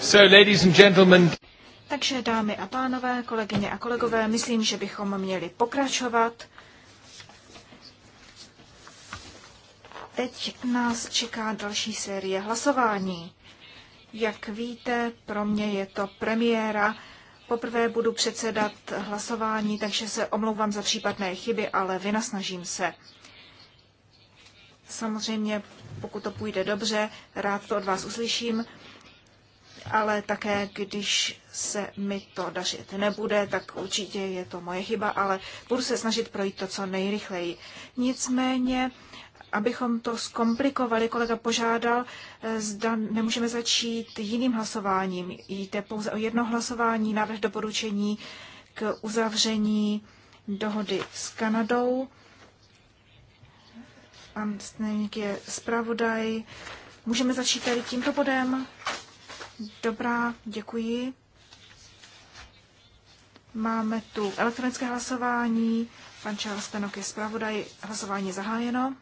So, ladies and gentlemen. Takže dámy a pánové, kolegyně a kolegové, myslím, že bychom měli pokračovat. Teď nás čeká další série hlasování. Jak víte, pro mě je to premiéra. Poprvé budu předsedat hlasování, takže se omlouvám za případné chyby, ale vynasnažím se. Samozřejmě, pokud to půjde dobře, rád to od vás uslyším, ale také, když se mi to dařit nebude, tak určitě je to moje chyba, ale budu se snažit projít to co nejrychleji. Nicméně, abychom to zkomplikovali, kolega požádal, eh, zda nemůžeme začít jiným hlasováním. Jde pouze o jedno hlasování, návrh doporučení k uzavření dohody s Kanadou. Pan Stejník je zpravodaj. Můžeme začít tady tímto bodem. Dobrá, děkuji. Máme tu elektronické hlasování. Pan Charles Stanok je zpravodaj. Hlasování je zahájeno.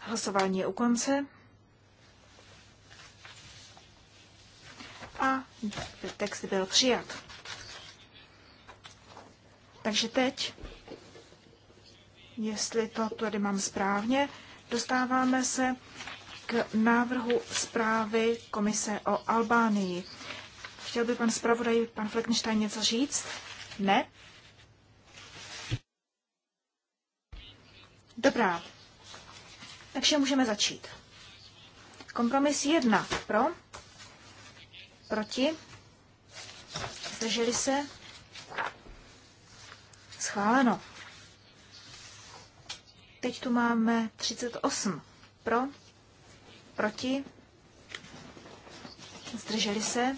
Hlasování je u konce. a text byl přijat. Takže teď, jestli to tady mám správně, dostáváme se k návrhu zprávy Komise o Albánii. Chtěl by pan zpravodaj, pan Fleckenstein, něco říct? Ne? Dobrá. Takže můžeme začít. Kompromis 1 pro Proti? Zdrželi se? Schváleno. Teď tu máme 38. Pro? Proti? Zdrželi se?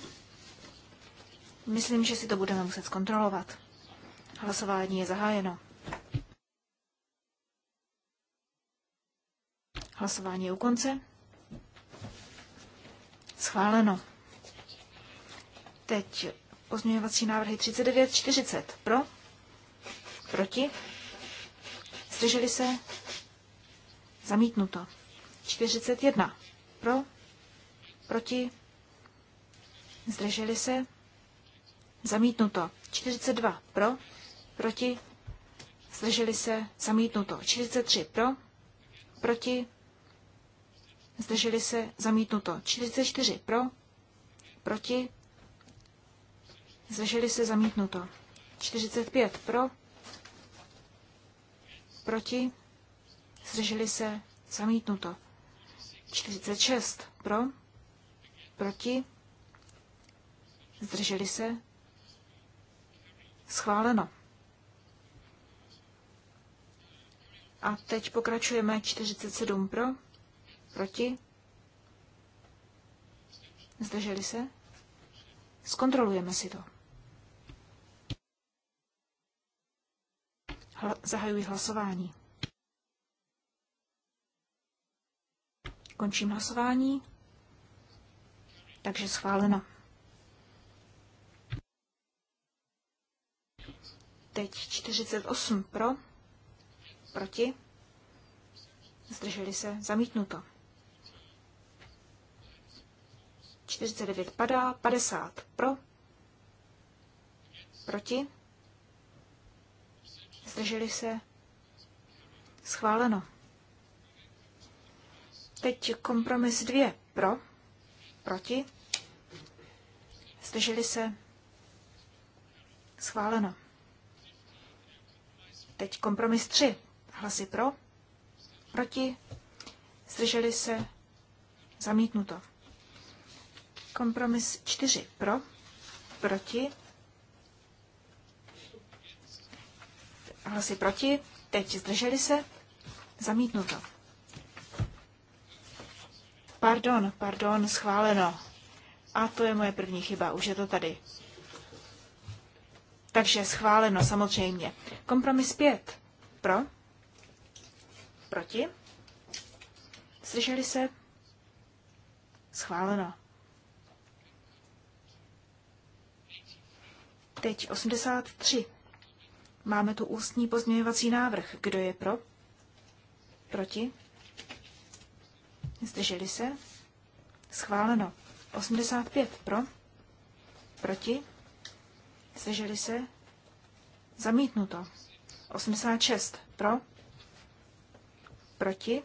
Myslím, že si to budeme muset zkontrolovat. Hlasování je zahájeno. Hlasování je u konce. Schváleno. Teď pozměňovací návrhy 39, 40. Pro? Proti? Zdrželi se? Zamítnuto. 41. Pro? Proti? Zdrželi se? Zamítnuto. 42. Pro? Proti? Zdrželi se? Zamítnuto. 43. Pro? Proti? Zdrželi se? Zamítnuto. 44. Pro? Proti? Zdrželi se zamítnuto. 45 pro. Proti. Zdrželi se zamítnuto. 46 pro. Proti. Zdrželi se. Schváleno. A teď pokračujeme 47 pro. Proti. Zdrželi se? Zkontrolujeme si to. Hla, zahajuji hlasování. Končím hlasování. Takže schváleno. Teď 48 pro, proti, zdrželi se, zamítnuto. 49 padá, 50 pro, proti, zdrželi se, schváleno. Teď kompromis dvě. pro, proti, zdrželi se, schváleno. Teď kompromis tři. hlasy pro, proti, zdrželi se, zamítnuto. Kompromis čtyři. pro, proti, hlasy proti, teď zdrželi se, zamítnuto. Pardon, pardon, schváleno. A to je moje první chyba, už je to tady. Takže schváleno, samozřejmě. Kompromis 5. Pro? Proti? Slyšeli se? Schváleno. Teď 83. Máme tu ústní pozměňovací návrh. Kdo je pro? Proti? Zdrželi se? Schváleno. 85 pro? Proti? Zdrželi se? Zamítnuto. 86 pro? Proti?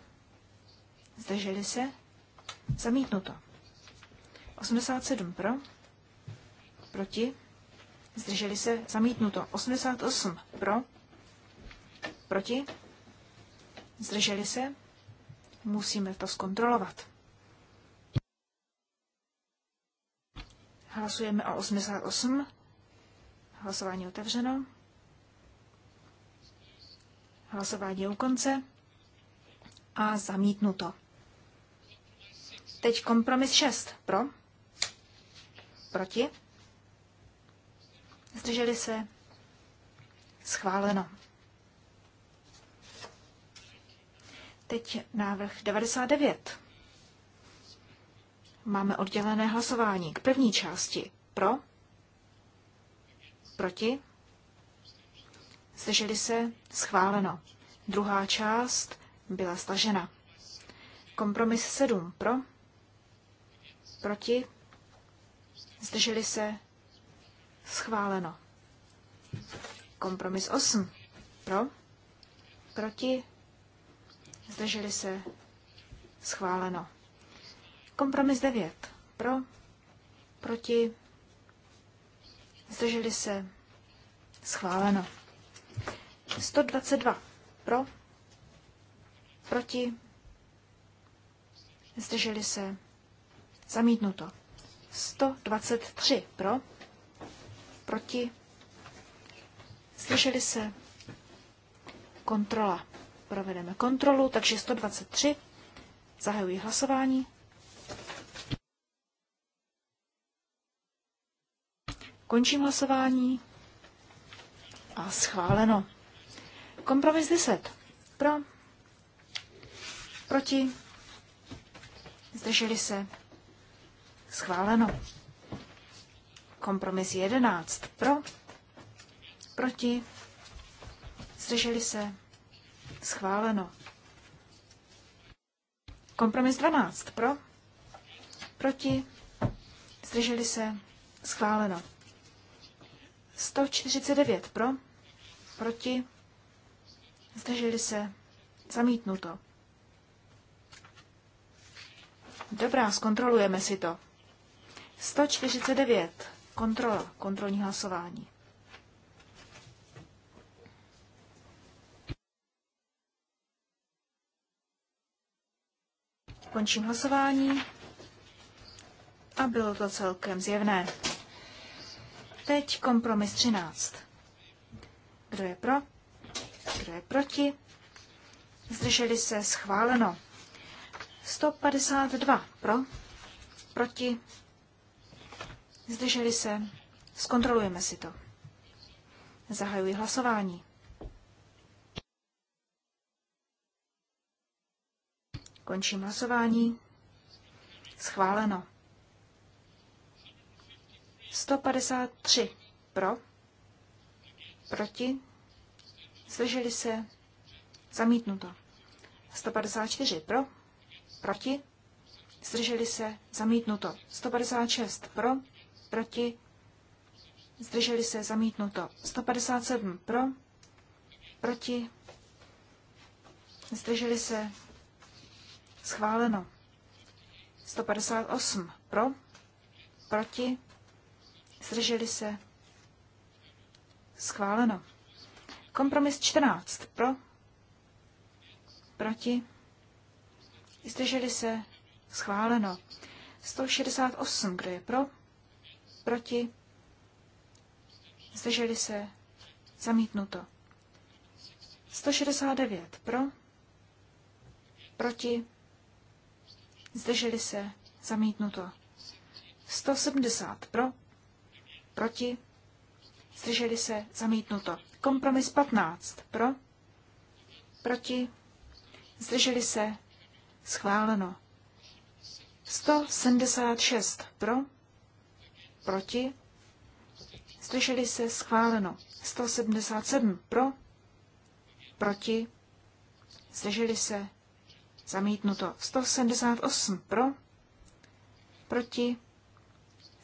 Zdrželi se? Zamítnuto. 87 pro? Proti? zdrželi se, zamítnuto. 88 pro, proti, zdrželi se, musíme to zkontrolovat. Hlasujeme o 88. Hlasování otevřeno. Hlasování je u konce. A zamítnuto. Teď kompromis 6. Pro. Proti. Zdrželi se? Schváleno. Teď návrh 99. Máme oddělené hlasování k první části. Pro? Proti? Zdrželi se? Schváleno. Druhá část byla stažena. Kompromis 7. Pro? Proti? Zdrželi se? Schváleno. Kompromis 8. Pro? Proti? Zdrželi se? Schváleno. Kompromis 9. Pro? Proti? Zdrželi se? Schváleno. 122. Pro? Proti? Zdrželi se? Zamítnuto. 123. Pro? proti, slyšeli se, kontrola. Provedeme kontrolu, takže 123, zahajuji hlasování. Končím hlasování a schváleno. Kompromis 10. Pro, proti, zdrželi se, schváleno. Kompromis 11 pro, proti, zdrželi se, schváleno. Kompromis 12 pro, proti, zdrželi se, schváleno. 149 pro, proti, zdrželi se, zamítnuto. Dobrá, zkontrolujeme si to. 149. Kontrola, kontrolní hlasování. Končím hlasování a bylo to celkem zjevné. Teď kompromis 13. Kdo je pro? Kdo je proti? Zdrželi se schváleno. 152 pro, proti, Zdrželi se? Zkontrolujeme si to. Zahajuji hlasování. Končím hlasování. Schváleno. 153 pro, proti, zdrželi se, zamítnuto. 154 pro, proti, zdrželi se, zamítnuto. 156 pro, proti, zdrželi se, zamítnuto. 157 pro, proti, zdrželi se, schváleno. 158 pro, proti, zdrželi se, schváleno. Kompromis 14 pro, proti, zdrželi se, schváleno. 168, kdo je pro, Proti? Zdrželi se? Zamítnuto. 169 pro? Proti? Zdrželi se? Zamítnuto. 170 pro? Proti? Zdrželi se? Zamítnuto. Kompromis 15 pro? Proti? Zdrželi se? Schváleno. 176 pro? proti, Slyšeli se schváleno 177 pro, proti, Slyšeli se zamítnuto 178 pro, proti,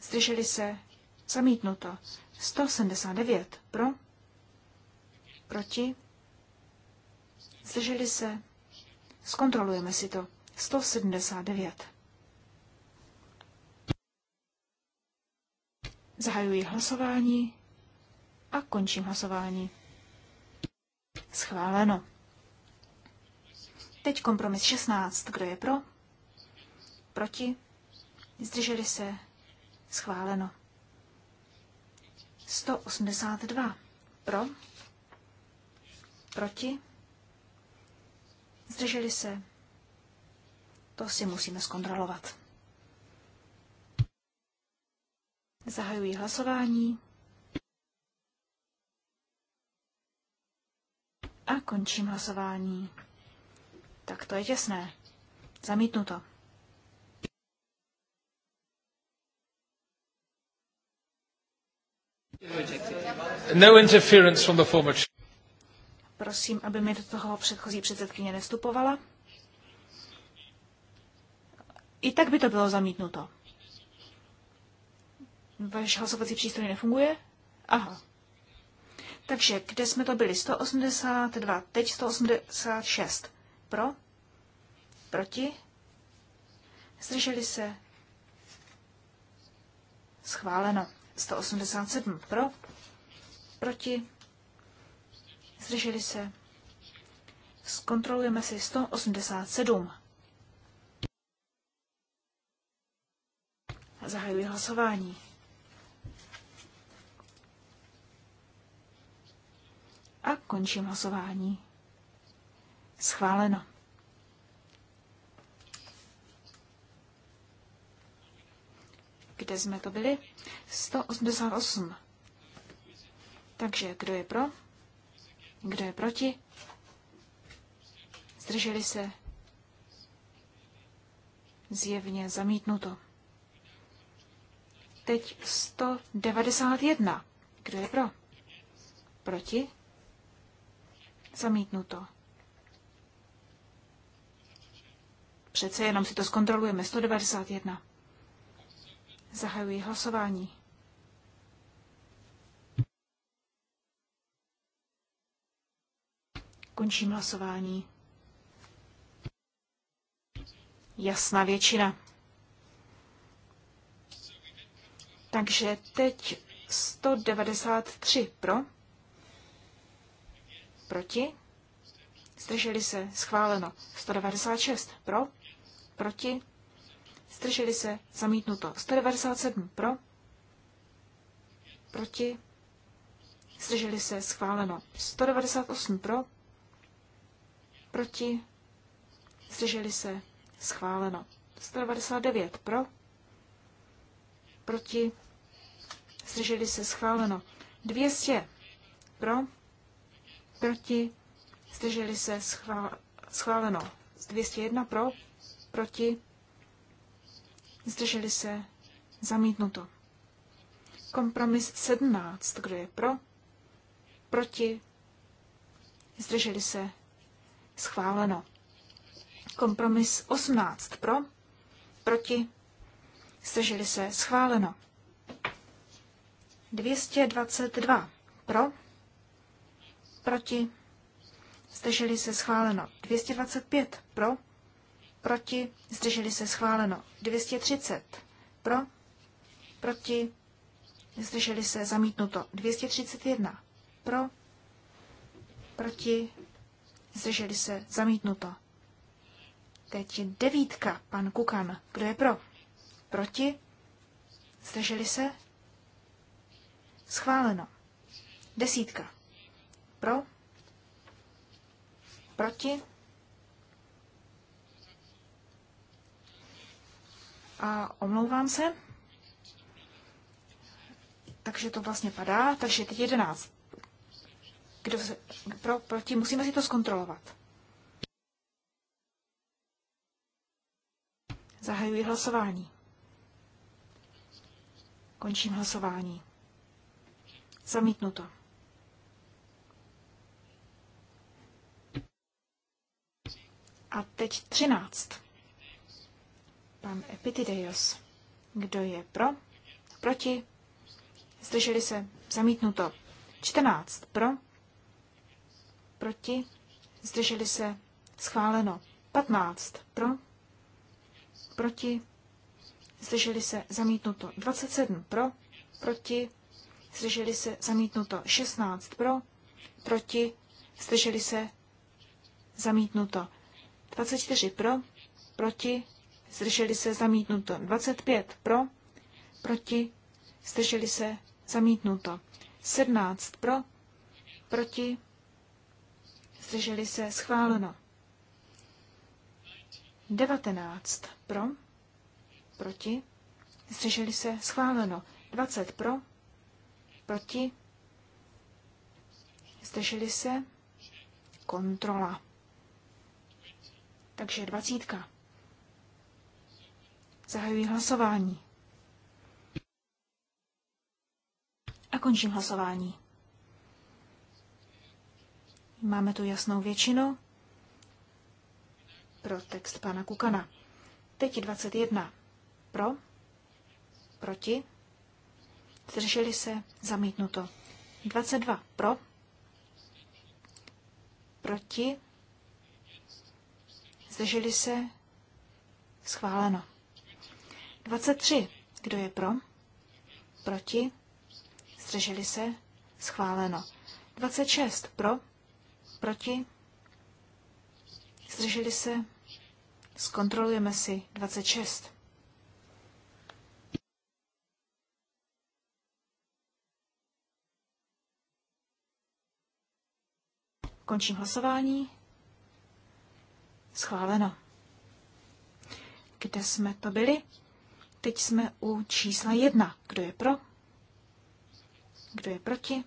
Slyšeli se zamítnuto 179 pro, proti, Slyšeli se, zkontrolujeme si to, 179. Zahajuji hlasování a končím hlasování. Schváleno. Teď kompromis 16. Kdo je pro? Proti? Zdrželi se? Schváleno. 182. Pro? Proti? Zdrželi se? To si musíme zkontrolovat. Zahajuji hlasování. A končím hlasování. Tak to je těsné. to. No interference from the former Prosím, aby mi do toho předchozí předsedkyně nestupovala. I tak by to bylo zamítnuto. Váš hlasovací přístroj nefunguje? Aha. Takže kde jsme to byli? 182, teď 186. Pro? Proti? Zdrželi se? Schváleno. 187 pro? Proti? Zdrželi se? Zkontrolujeme si 187. Zahajuji hlasování. A končím hlasování. Schváleno. Kde jsme to byli? 188. Takže kdo je pro? Kdo je proti? Zdrželi se? Zjevně zamítnuto. Teď 191. Kdo je pro? Proti? Zamítnuto. Přece jenom si to zkontrolujeme. 191. Zahajuji hlasování. Končím hlasování. Jasná většina. Takže teď 193 pro. Proti? Zdrželi se. Schváleno. 196. Pro? Proti? Zdrželi se. Zamítnuto. 197. Pro? Proti? Zdrželi se. Schváleno. 198. Pro? Proti? Zdrželi se. Schváleno. 199. Pro? Proti? Zdrželi se. Schváleno. 200. Pro? proti, zdrželi se schváleno. 201 pro, proti, zdrželi se zamítnuto. Kompromis 17, kdo je pro, proti, zdrželi se schváleno. Kompromis 18 pro, proti, zdrželi se schváleno. 222 pro, proti, zdrželi se schváleno 225 pro, proti, zdrželi se schváleno 230 pro, proti, zdrželi se zamítnuto 231 pro, proti, zdrželi se zamítnuto. Teď je devítka, pan Kukan. Kdo je pro? Proti? Zdrželi se? Schváleno. Desítka. Pro? Proti? A omlouvám se. Takže to vlastně padá. Takže teď 11. Kdo se, pro, proti, musíme si to zkontrolovat. Zahajuji hlasování. Končím hlasování. Zamítnuto. A teď třináct. Pan Epitideios. Kdo je pro? Proti? Zdrželi se? Zamítnuto. Čtrnáct. Pro? Proti? Zdrželi se? Schváleno. patnáct Pro? Proti? Zdrželi se? Zamítnuto. sedm Pro? Proti? Zdrželi se? Zamítnuto. šestnáct Pro? Proti? Zdrželi se? Zamítnuto. 24 pro, proti, zdrželi se zamítnuto. 25 pro, proti, zdrželi se zamítnuto. 17 pro, proti, zdrželi se schváleno. 19 pro, proti, zdrželi se schváleno. 20 pro, proti, zdrželi se kontrola. Takže dvacítka. Zahajuji hlasování. A končím hlasování. Máme tu jasnou většinu pro text pana Kukana. Teď 21. Pro, proti, zdrželi se, zamítnuto. 22. Pro, proti, Zdrželi se? Schváleno. 23. Kdo je pro? Proti? Zdrželi se? Schváleno. 26. Pro? Proti? Zdrželi se? Zkontrolujeme si 26. Končím hlasování. Schváleno. Kde jsme to byli? Teď jsme u čísla jedna. Kdo je pro? Kdo je proti?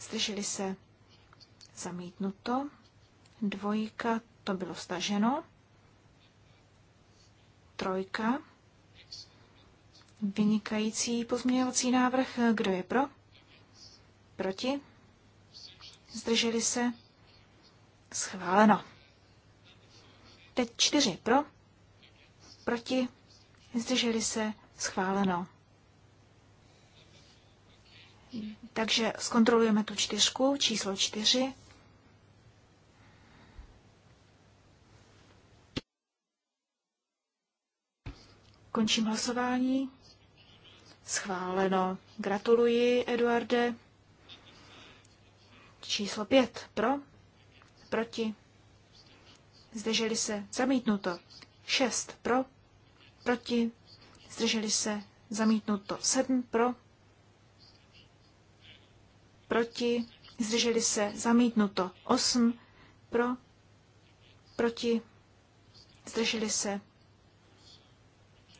Zdrželi se. Zamítnuto. Dvojka, to bylo staženo. Trojka. Vynikající pozměňovací návrh. Kdo je pro? Proti? Zdrželi se? Schváleno. Teď čtyři pro, proti, zdrželi se, schváleno. Takže zkontrolujeme tu čtyřku, číslo čtyři. Končím hlasování. Schváleno. Gratuluji, Eduarde. Číslo pět pro, proti, zdrželi se, zamítnuto. 6 pro, proti, zdrželi se, zamítnuto. 7 pro, proti, zdrželi se, zamítnuto. 8 pro, proti, zdrželi se,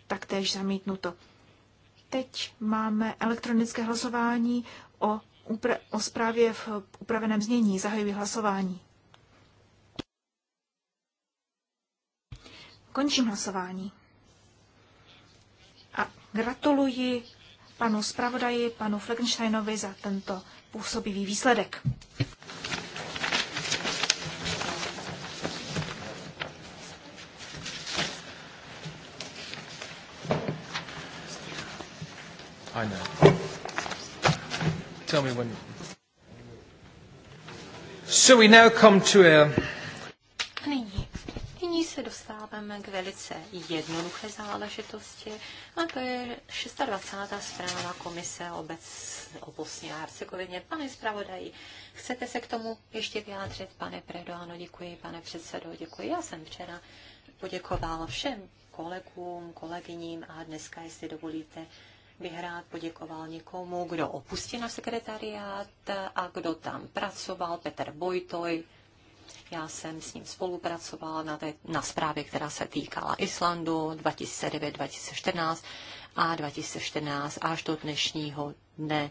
taktéž zamítnuto. Teď máme elektronické hlasování o, upra- o zprávě v upraveném znění. Zahajuji hlasování. Končím hlasování. A gratuluji panu zpravodaji, panu Fleckensteinovi za tento působivý výsledek. I know. Tell me when. So we now come to a uh, dostáváme k velice jednoduché záležitosti, a to je 26. zpráva Komise obec o Bosně a Hercegovině. Pane zpravodaji, chcete se k tomu ještě vyjádřit, pane Predo? Ano, děkuji, pane předsedo, děkuji. Já jsem včera poděkoval všem kolegům, kolegyním a dneska, jestli dovolíte, bych rád poděkoval někomu, kdo opustil na sekretariát a kdo tam pracoval, Petr Bojtoj, já jsem s ním spolupracovala na, té, na zprávě, která se týkala Islandu 2009-2014 a 2014 až do dnešního dne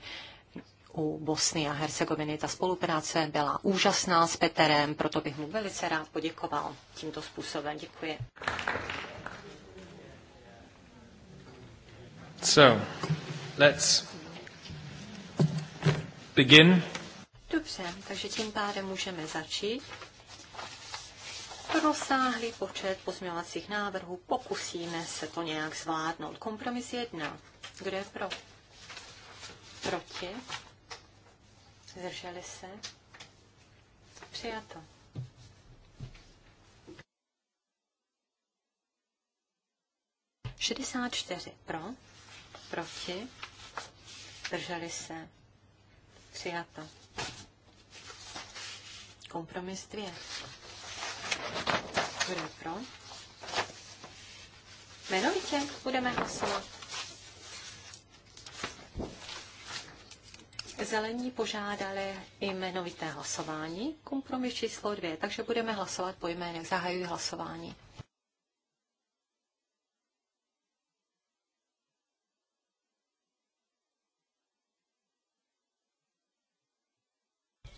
u Bosny a Hercegoviny. Ta spolupráce byla úžasná s Peterem, proto bych mu velice rád poděkoval tímto způsobem. Děkuji. So, let's begin. Dobře, takže tím pádem můžeme začít rozsáhlý počet pozměňovacích návrhů. Pokusíme se to nějak zvládnout. Kompromis jedna. Kdo je pro? Proti? Zdrželi se? Přijato. Šedesát čtyři pro, proti, drželi se, přijato. Kompromis dvě. Bude pro? Jmenovitě budeme hlasovat. Zelení požádali i jmenovité hlasování, kompromis číslo dvě, takže budeme hlasovat po jménech. Zahajuji hlasování.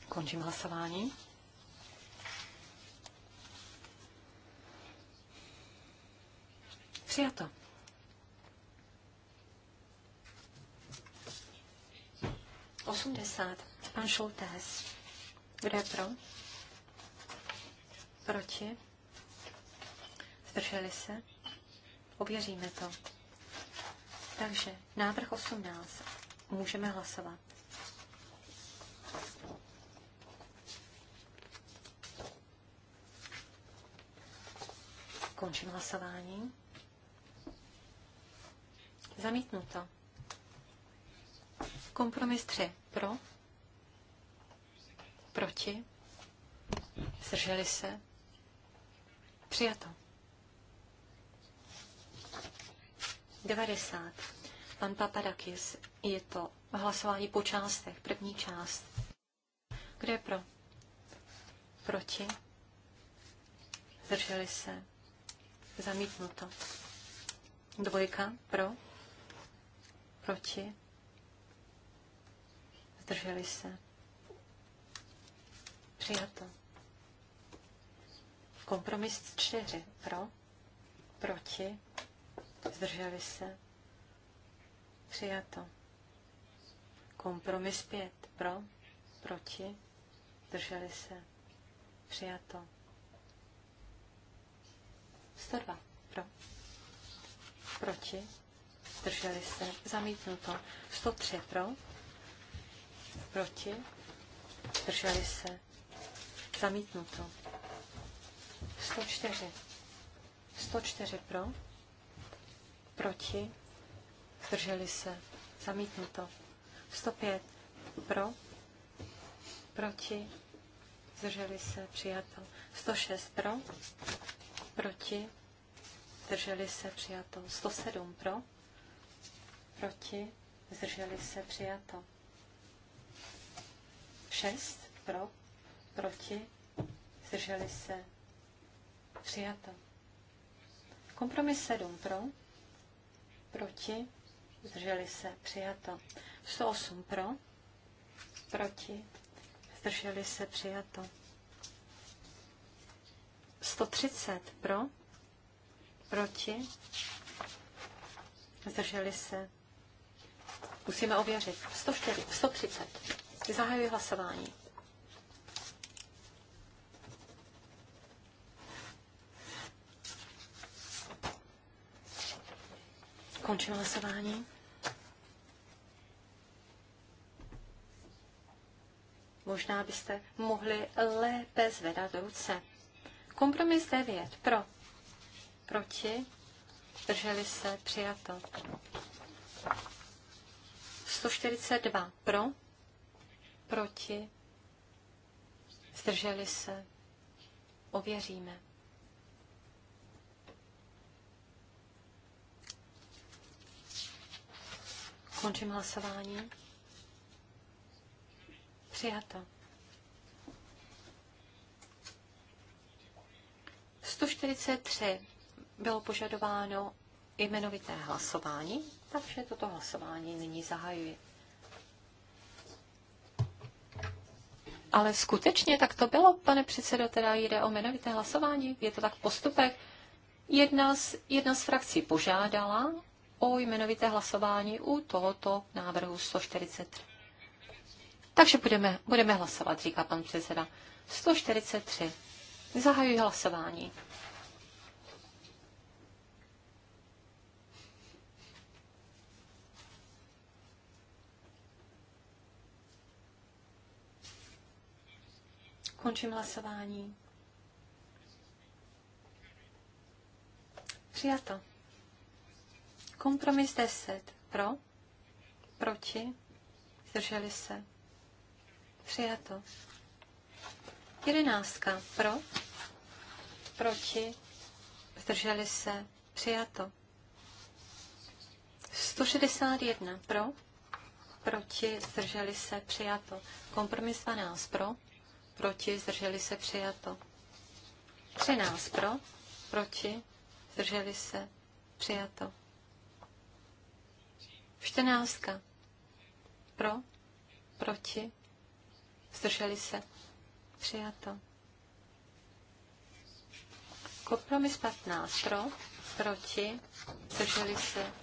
Končím hlasování. Přijato. Osmdesát. Pan Šultés. Kdo je pro? Proti? Zdrželi se? Ověříme to. Takže návrh 18. Můžeme hlasovat. Končím hlasování. Zamítnuto. Kompromis 3. Pro. Proti. Zrželi se. Přijato. 90. Pan Papadakis, je to hlasování po částech, první část. Kdo je pro? Proti? Zrželi se. Zamítnuto. Dvojka pro? Proti? Zdrželi se. Přijato. Kompromis čtyři. Pro? Proti? Zdrželi se. Přijato. Kompromis pět. Pro? Proti? Zdrželi se. Přijato. 102. Pro? Proti? zdrželi se, zamítnuto. 103 pro, proti, zdrželi se, zamítnuto. 104, 104 pro, proti, zdrželi se, zamítnuto. 105 pro, proti, zdrželi se, přijato. 106 pro, proti, zdrželi se, přijato. 107 pro, proti, zdrželi se, přijato. 6 pro, proti, zdrželi se, přijato. Kompromis 7 pro, proti, zdrželi se, přijato. 108 pro, proti, zdrželi se, přijato. 130 pro, proti, zdrželi se, Musíme ověřit. 104, 130. Zahajuji hlasování. Končím hlasování. Možná byste mohli lépe zvedat ruce. Kompromis 9. Pro. Proti. Drželi se. Přijato. 142 pro, proti, zdrželi se, ověříme. Končím hlasování. Přijato. 143 bylo požadováno jmenovité hlasování. Takže toto hlasování nyní zahajuji. Ale skutečně tak to bylo, pane předsedo, teda jde o jmenovité hlasování, je to tak postupek. Jedna z, jedna z frakcí požádala o jmenovité hlasování u tohoto návrhu 143. Takže budeme, budeme hlasovat, říká pan předseda. 143. Zahajuji hlasování. Končím hlasování. Přijato. Kompromis 10. Pro, proti, zdrželi se. Přijato. Jedenáctka. Pro, proti, zdrželi se. Přijato. 161. Pro, proti, zdrželi se. Přijato. Kompromis 12. Pro, proti, zdrželi se, přijato. 13 pro, proti, zdrželi se, přijato. 14 pro, proti, zdrželi se, přijato. Kompromis 15 pro, proti, zdrželi se,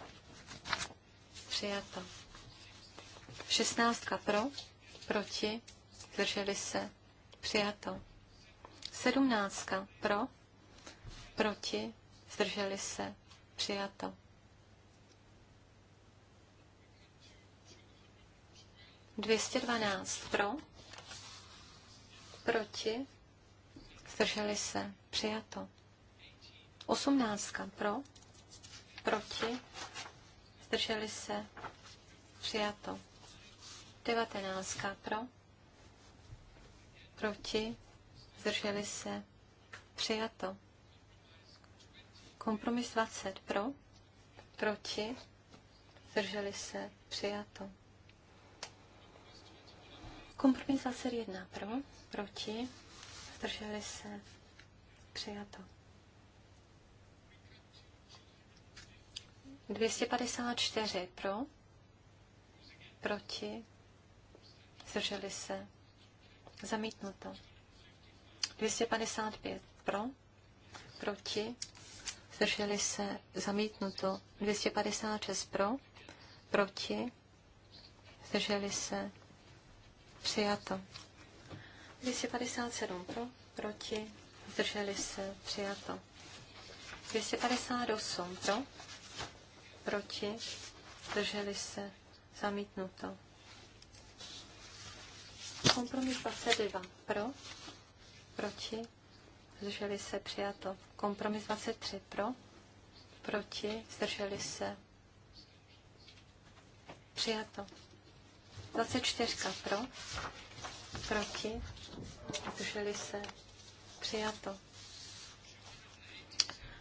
přijato. 16 pro, proti, zdrželi se, Přijato. Sedmnáctka pro, proti, zdrželi se, přijato. Dvěstě dvanáct pro, proti, zdrželi se, přijato. Osmnáctka pro, proti, zdrželi se, přijato. Devatenáctka pro, proti, zdrželi se, přijato. Kompromis 20 pro, proti, zdrželi se, přijato. Kompromis 21 pro, proti, zdrželi se, přijato. 254 pro, proti, zdrželi se, Zamítnuto. 255 pro, proti, zdrželi se, zamítnuto. 256 pro, proti, zdrželi se, přijato. 257 pro, proti, zdrželi se, přijato. 258 pro, proti, zdrželi se, zamítnuto. Kompromis 22 pro, proti, zdrželi se přijato. Kompromis 23 pro, proti, zdrželi se přijato. 24 pro, proti, zdrželi se přijato.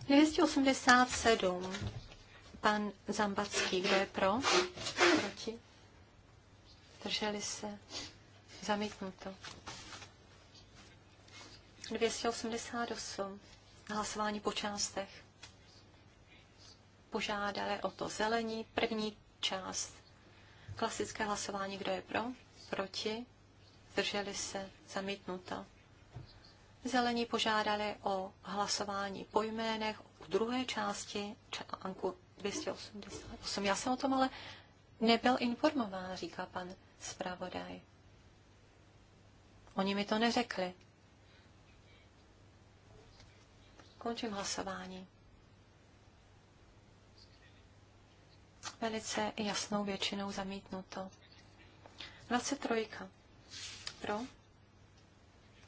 287. Pan Zambacký, kdo je pro? Proti? Drželi se? Zamítnuto. 288. Hlasování po částech. Požádali o to zelení. První část. Klasické hlasování. Kdo je pro? Proti? Zdrželi se? Zamítnuto. Zelení požádali o hlasování po jménech u druhé části článku 288. Já jsem o tom ale nebyl informován, říká pan zpravodaj. Oni mi to neřekli. Končím hlasování. Velice jasnou většinou zamítnuto. 23. Pro.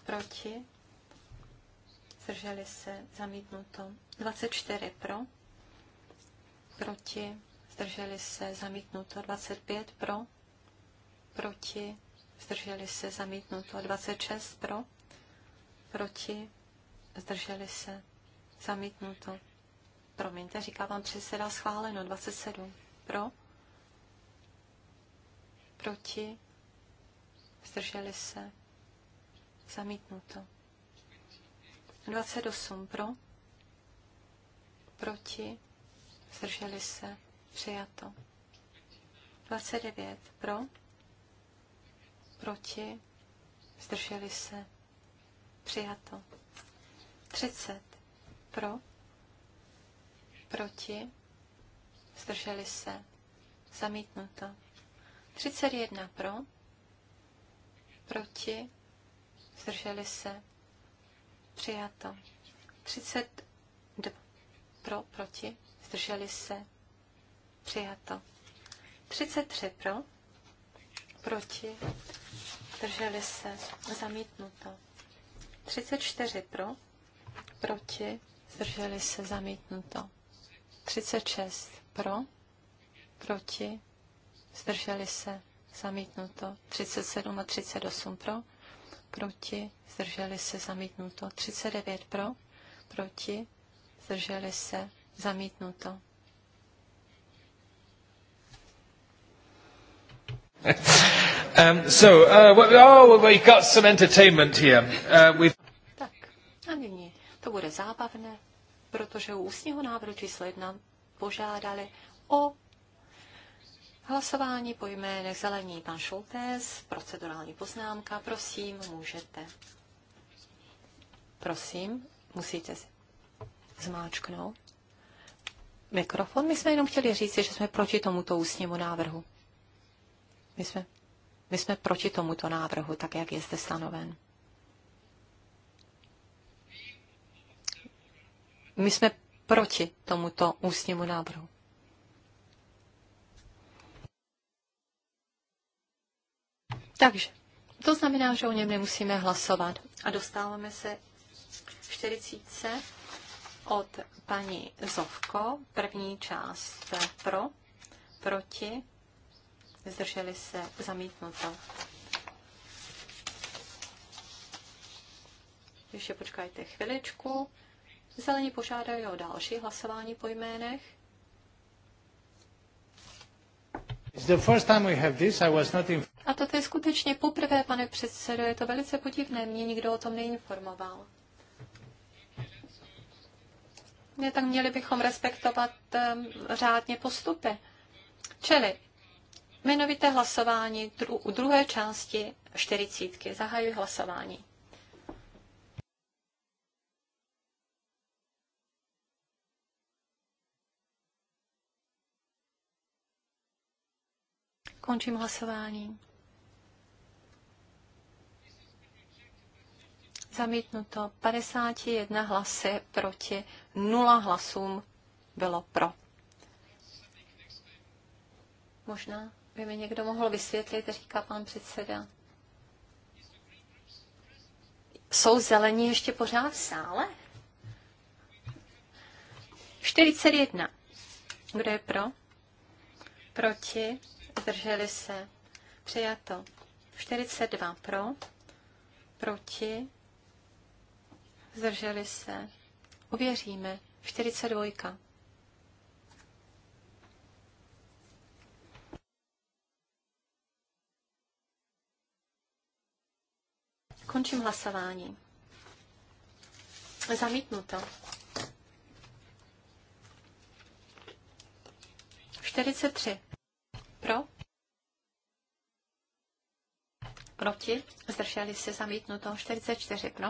Proti. Zdrželi se. Zamítnuto. 24. Pro. Proti. Zdrželi se. Zamítnuto. 25. Pro. Proti zdrželi se, zamítnuto. 26 pro, proti, zdrželi se, zamítnuto. Promiňte, říká vám předseda schváleno, 27 pro, proti, zdrželi se, zamítnuto. 28 pro, proti, zdrželi se, přijato. 29 pro, proti, zdrželi se, přijato. 30 pro, proti, zdrželi se, zamítnuto. 31 pro, proti, zdrželi se, přijato. 32 pro, proti, zdrželi se, přijato. 33 pro, proti, zdrželi se, zamítnuto. 34 pro, proti, zdrželi se, zamítnuto. 36 pro, proti, zdrželi se, zamítnuto. 37 a 38 pro, proti, zdrželi se, zamítnuto. 39 pro, proti, zdrželi se, zamítnuto. um, so, uh, well, oh, we've got some entertainment here. Uh, we've... Tak, a nyní to bude zábavné, protože u ústního návrhu číslo jedna požádali o hlasování po jménech zelení pan Šoltés, procedurální poznámka, prosím, můžete. Prosím, musíte zmáčknout mikrofon. My jsme jenom chtěli říct, že jsme proti tomuto ústnímu návrhu. My jsme, my jsme proti tomuto návrhu, tak jak je zde stanoven. My jsme proti tomuto ústnímu návrhu. Takže to znamená, že o něm nemusíme hlasovat. A dostáváme se 40 od paní Zovko. První část pro, proti, zdrželi se, zamítnuto. Ještě počkajte chviličku. Zelení požádají o další hlasování po jménech. A toto je skutečně poprvé, pane předsedo, je to velice podivné, mě nikdo o tom neinformoval. Ne, tak měli bychom respektovat um, řádně postupy. Čili Jmenovité hlasování dru- u druhé části 40. Zahajuji hlasování. Končím hlasování. Zamítnuto 51 hlasy proti 0 hlasům bylo pro. Možná by mi někdo mohl vysvětlit, říká pan předseda. Jsou zelení ještě pořád v sále? 41. Kdo je pro? Proti? Zdrželi se? Přijato. 42 pro? Proti? Zdrželi se? Uvěříme. 42. Končím hlasování. Zamítnuto. 43. Pro. Proti. Zdrželi se zamítnuto. 44. Pro.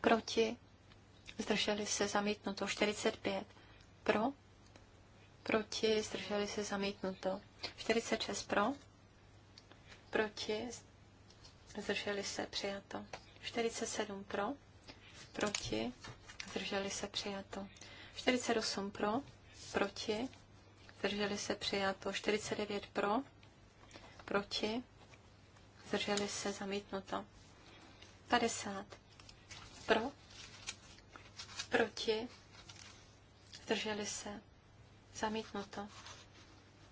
Proti. Zdrželi se zamítnuto. 45. Pro. Proti. Zdrželi se zamítnuto. 46. Pro. Proti zdrželi se přijato. 47 pro, proti, zdrželi se přijato. 48 pro, proti, zdrželi se přijato. 49 pro, proti, zdrželi se zamítnuto. 50 pro, proti, zdrželi se zamítnuto.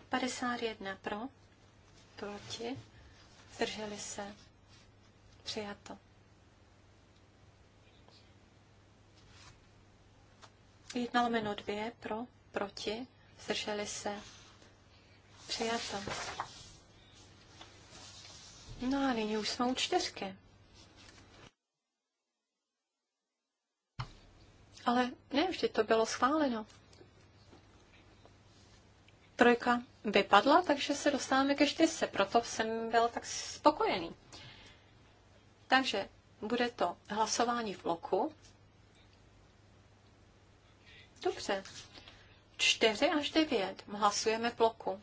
51 pro, proti, zdrželi se Přijato. Jedna lomeno dvě pro, proti, zdrželi se. Přijato. No a nyní už jsme u čtyřky. Ale ne, vždy to bylo schváleno. Trojka vypadla, takže se dostáváme ke čtyřce, proto jsem byl tak spokojený. Takže bude to hlasování v bloku. Dobře. 4 až 9. Hlasujeme v bloku.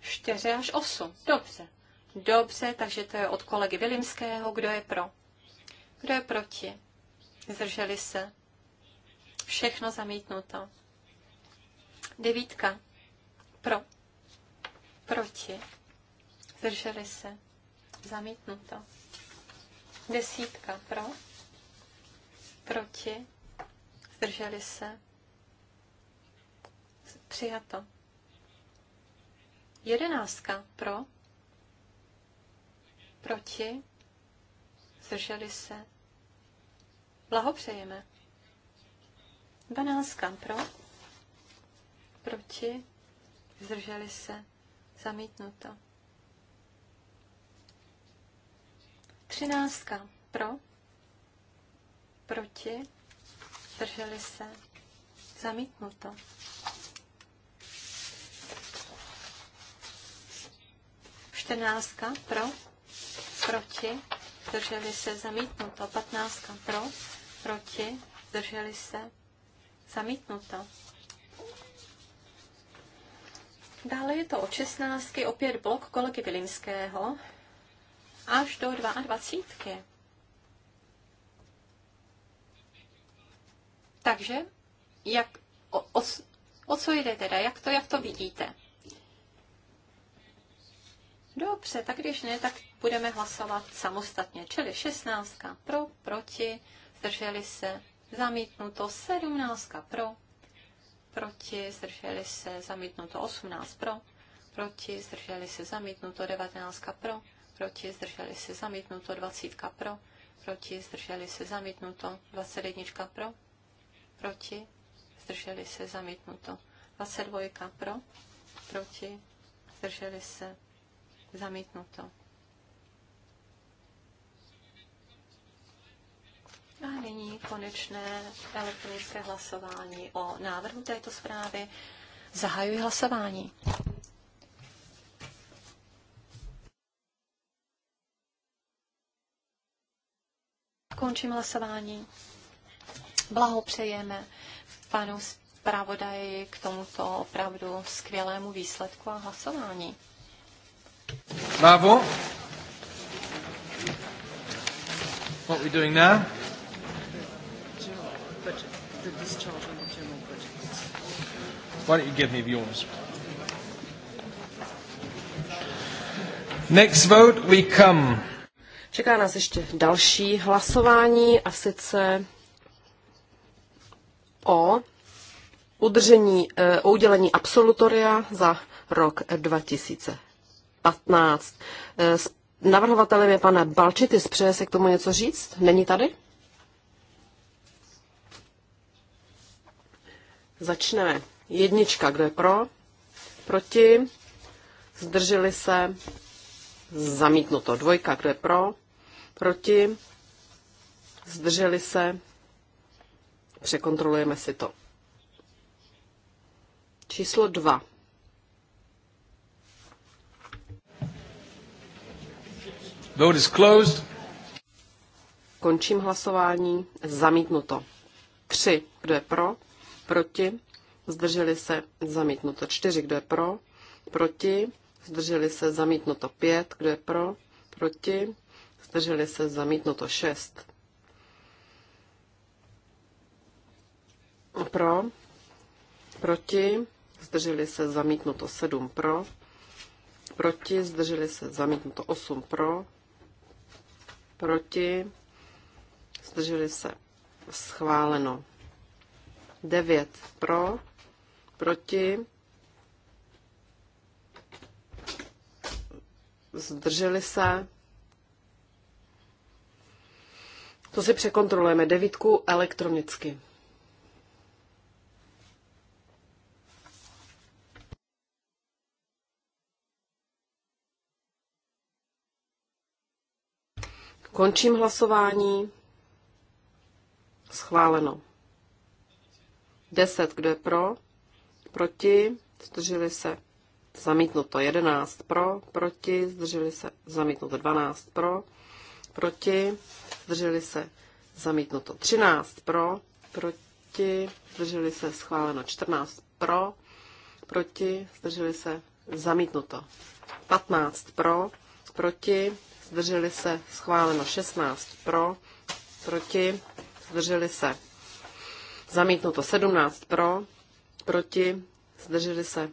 4 až 8. Dobře. Dobře, takže to je od kolegy Vilimského. Kdo je pro? Kdo je proti? Zrželi se. Všechno zamítnuto. Devítka. Pro. Proti zdrželi se, zamítnuto. Desítka pro, proti, zdrželi se, přijato. Jedenáctka pro, proti, zdrželi se, blahopřejeme. Dvanáctka pro, proti, zdrželi se, zamítnuto. Třináctka pro, proti, Drželi se, zamítnuto. Čtrnáctka pro, proti, Drželi se, zamítnuto. Patnáctka pro, proti, Drželi se, zamítnuto. Dále je to od 16. opět blok kolegy Vilinského až do 22. Takže jak, o, o, o co jde teda? Jak to, jak to vidíte? Dobře, tak když ne, tak budeme hlasovat samostatně. Čili 16 pro, proti, zdrželi se, zamítnuto 17 pro, proti, zdrželi se, zamítnuto 18 pro, proti, zdrželi se, zamítnuto 19 pro, proti, zdrželi se zamítnuto, 20 pro, proti, zdrželi se zamítnuto, 21 pro, proti, zdrželi se zamítnuto, 22 pro, proti, zdrželi se zamítnuto. A nyní konečné elektronické hlasování o návrhu této zprávy. Zahajuji hlasování. Končím hlasování. Blahopřejeme panu zpravodaji k tomuto opravdu skvělému výsledku a hlasování. Bravo. What are we doing now? Why don't you give me yours? Next vote, we come Čeká nás ještě další hlasování a sice o udržení, eh, o udělení absolutoria za rok 2015. Eh, s navrhovatelem je pane Balčitis. Přeje se k tomu něco říct? Není tady? Začneme. Jednička, kdo je pro? Proti? Zdrželi se? Zamítnuto. Dvojka, kdo je pro? Proti? Zdrželi se? Překontrolujeme si to. Číslo dva. Vote is closed. Končím hlasování. Zamítnuto. Tři, Kdo je pro? Proti? Zdrželi se? Zamítnuto. Čtyři, Kdo je pro? Proti? zdrželi se zamítnuto 5, kdo je pro, proti, zdrželi se zamítnuto 6. Pro, proti, zdrželi se zamítnuto 7 pro, proti, zdrželi se zamítnuto 8 pro, proti, zdrželi se schváleno 9 pro, proti, zdrželi se. To si překontrolujeme. Devítku elektronicky. Končím hlasování. Schváleno. 10. Kdo je pro? Proti? Zdrželi se. Zamítnuto 11 pro, proti, zdrželi se, zamítnuto 12 pro, proti, zdrželi se, zamítnuto 13 pro, proti, zdrželi se, schváleno 14 pro, proti, zdrželi se, zamítnuto 15 pro, proti, zdrželi se, schváleno 16 pro, proti, zdrželi se, zamítnuto 17 pro, proti, zdrželi se,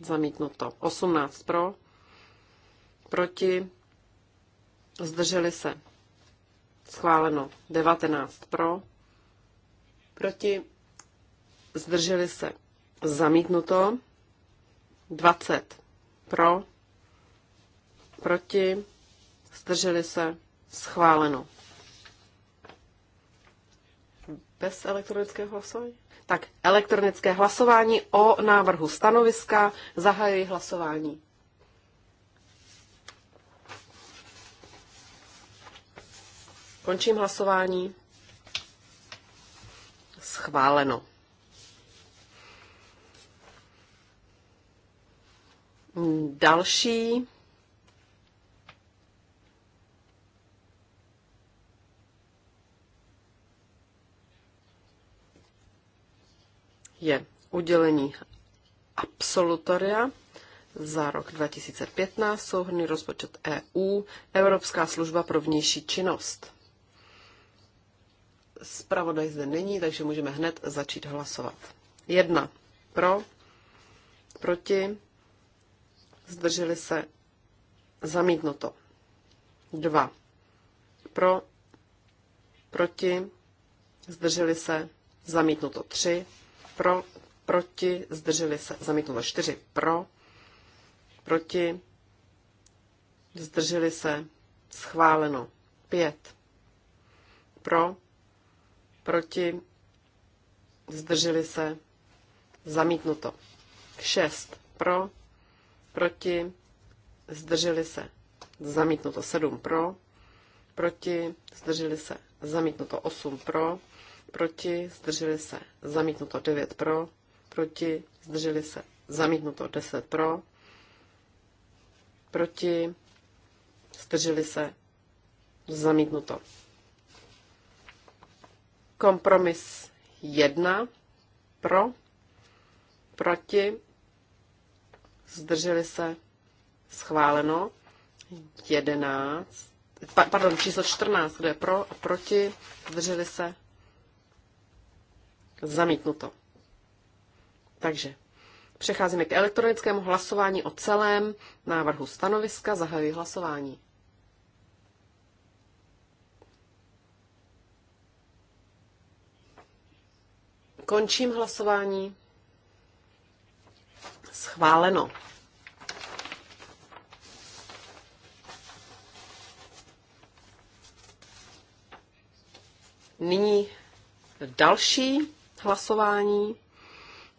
Zamítnuto. 18 pro. Proti. Zdrželi se. Schváleno. 19 pro. Proti. Zdrželi se. Zamítnuto. 20 pro. Proti. Zdrželi se. Schváleno. Bez elektronického hlasování? tak elektronické hlasování o návrhu stanoviska. Zahajuji hlasování. Končím hlasování. Schváleno. Další je udělení absolutoria za rok 2015, souhrný rozpočet EU, Evropská služba pro vnější činnost. Spravodaj zde není, takže můžeme hned začít hlasovat. Jedna pro, proti, zdrželi se, zamítnuto. Dva pro, proti, zdrželi se, zamítnuto. Tři pro, proti, zdrželi se, zamítnuto 4 pro, proti, zdrželi se, schváleno 5 pro, proti, zdrželi se, zamítnuto 6 pro, proti, zdrželi se, zamítnuto 7 pro, proti, zdrželi se, zamítnuto 8 pro, proti, zdrželi se, zamítnuto 9 pro, proti, zdrželi se, zamítnuto 10 pro, proti, zdrželi se, zamítnuto. Kompromis 1 pro, proti, zdrželi se, schváleno, 11, pardon, číslo 14, kde je pro a proti, zdrželi se, Zamítnuto. Takže přecházíme k elektronickému hlasování o celém návrhu stanoviska. Zahajuji hlasování. Končím hlasování. Schváleno. Nyní další hlasování.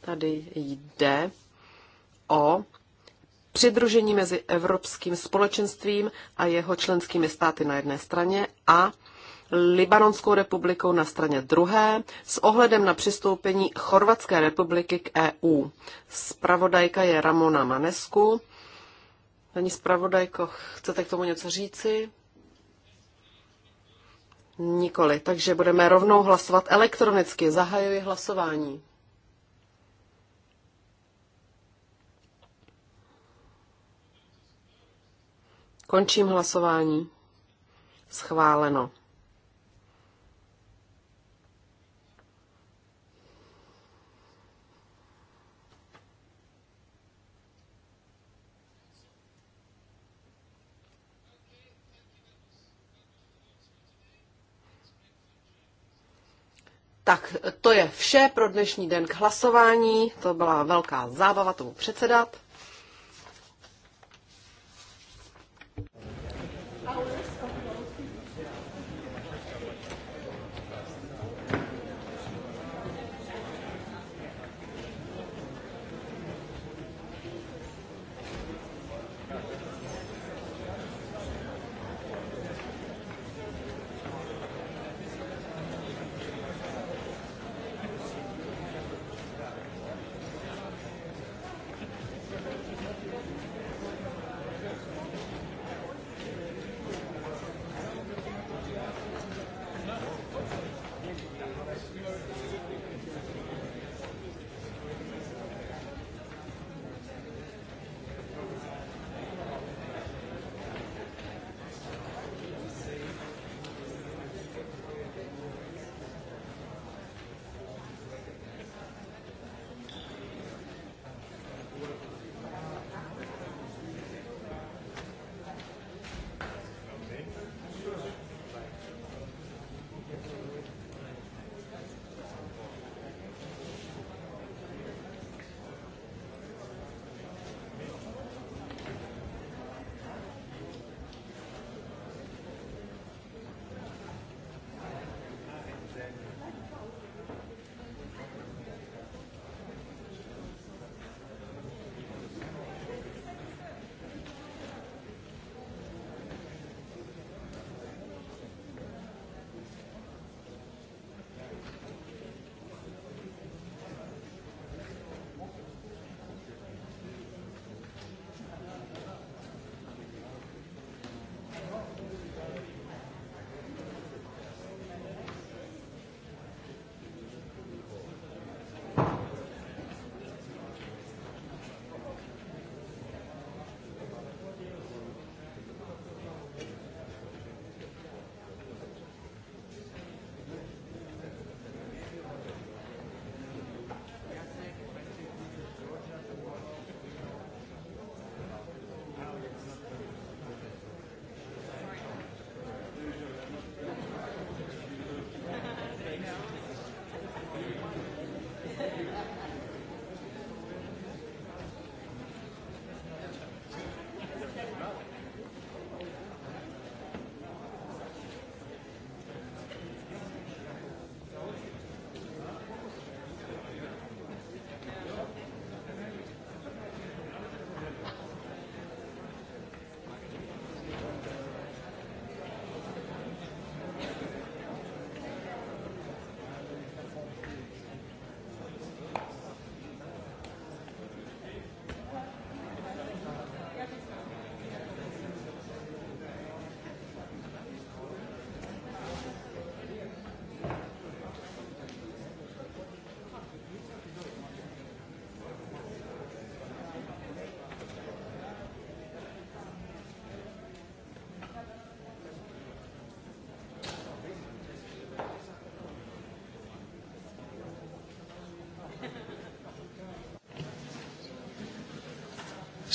Tady jde o přidružení mezi Evropským společenstvím a jeho členskými státy na jedné straně a Libanonskou republikou na straně druhé s ohledem na přistoupení Chorvatské republiky k EU. Spravodajka je Ramona Manesku. Paní spravodajko, chcete k tomu něco říci? Nikoli, takže budeme rovnou hlasovat elektronicky. Zahajuji hlasování. Končím hlasování. Schváleno. Tak to je vše pro dnešní den k hlasování. To byla velká zábava tomu předsedat.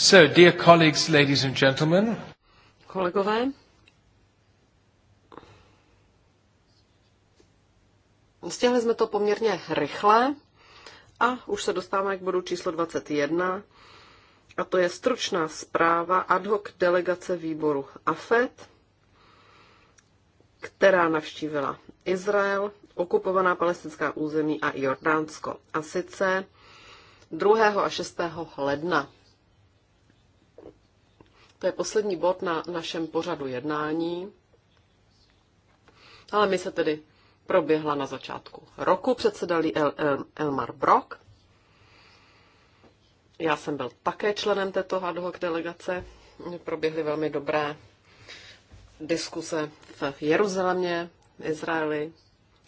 So, dear colleagues, ladies and gentlemen. Kolegové. Stihli jsme to poměrně rychle a už se dostáváme k bodu číslo 21. A to je stručná zpráva ad hoc delegace výboru AFET, která navštívila Izrael, okupovaná palestinská území a Jordánsko. A sice 2. a 6. ledna to je poslední bod na našem pořadu jednání. Ale my se tedy proběhla na začátku roku, předsedal El, El, Elmar Brock. Já jsem byl také členem této ad hoc delegace. Proběhly velmi dobré diskuse v Jeruzalémě, Izraeli,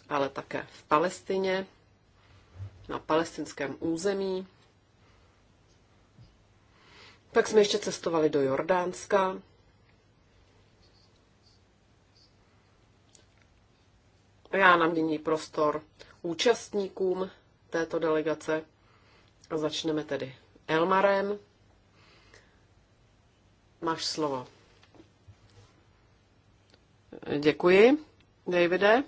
ale také v Palestině, na palestinském území. Pak jsme ještě cestovali do Jordánska. Já nám nyní prostor účastníkům této delegace a začneme tedy Elmarem. Máš slovo. Děkuji, Davide.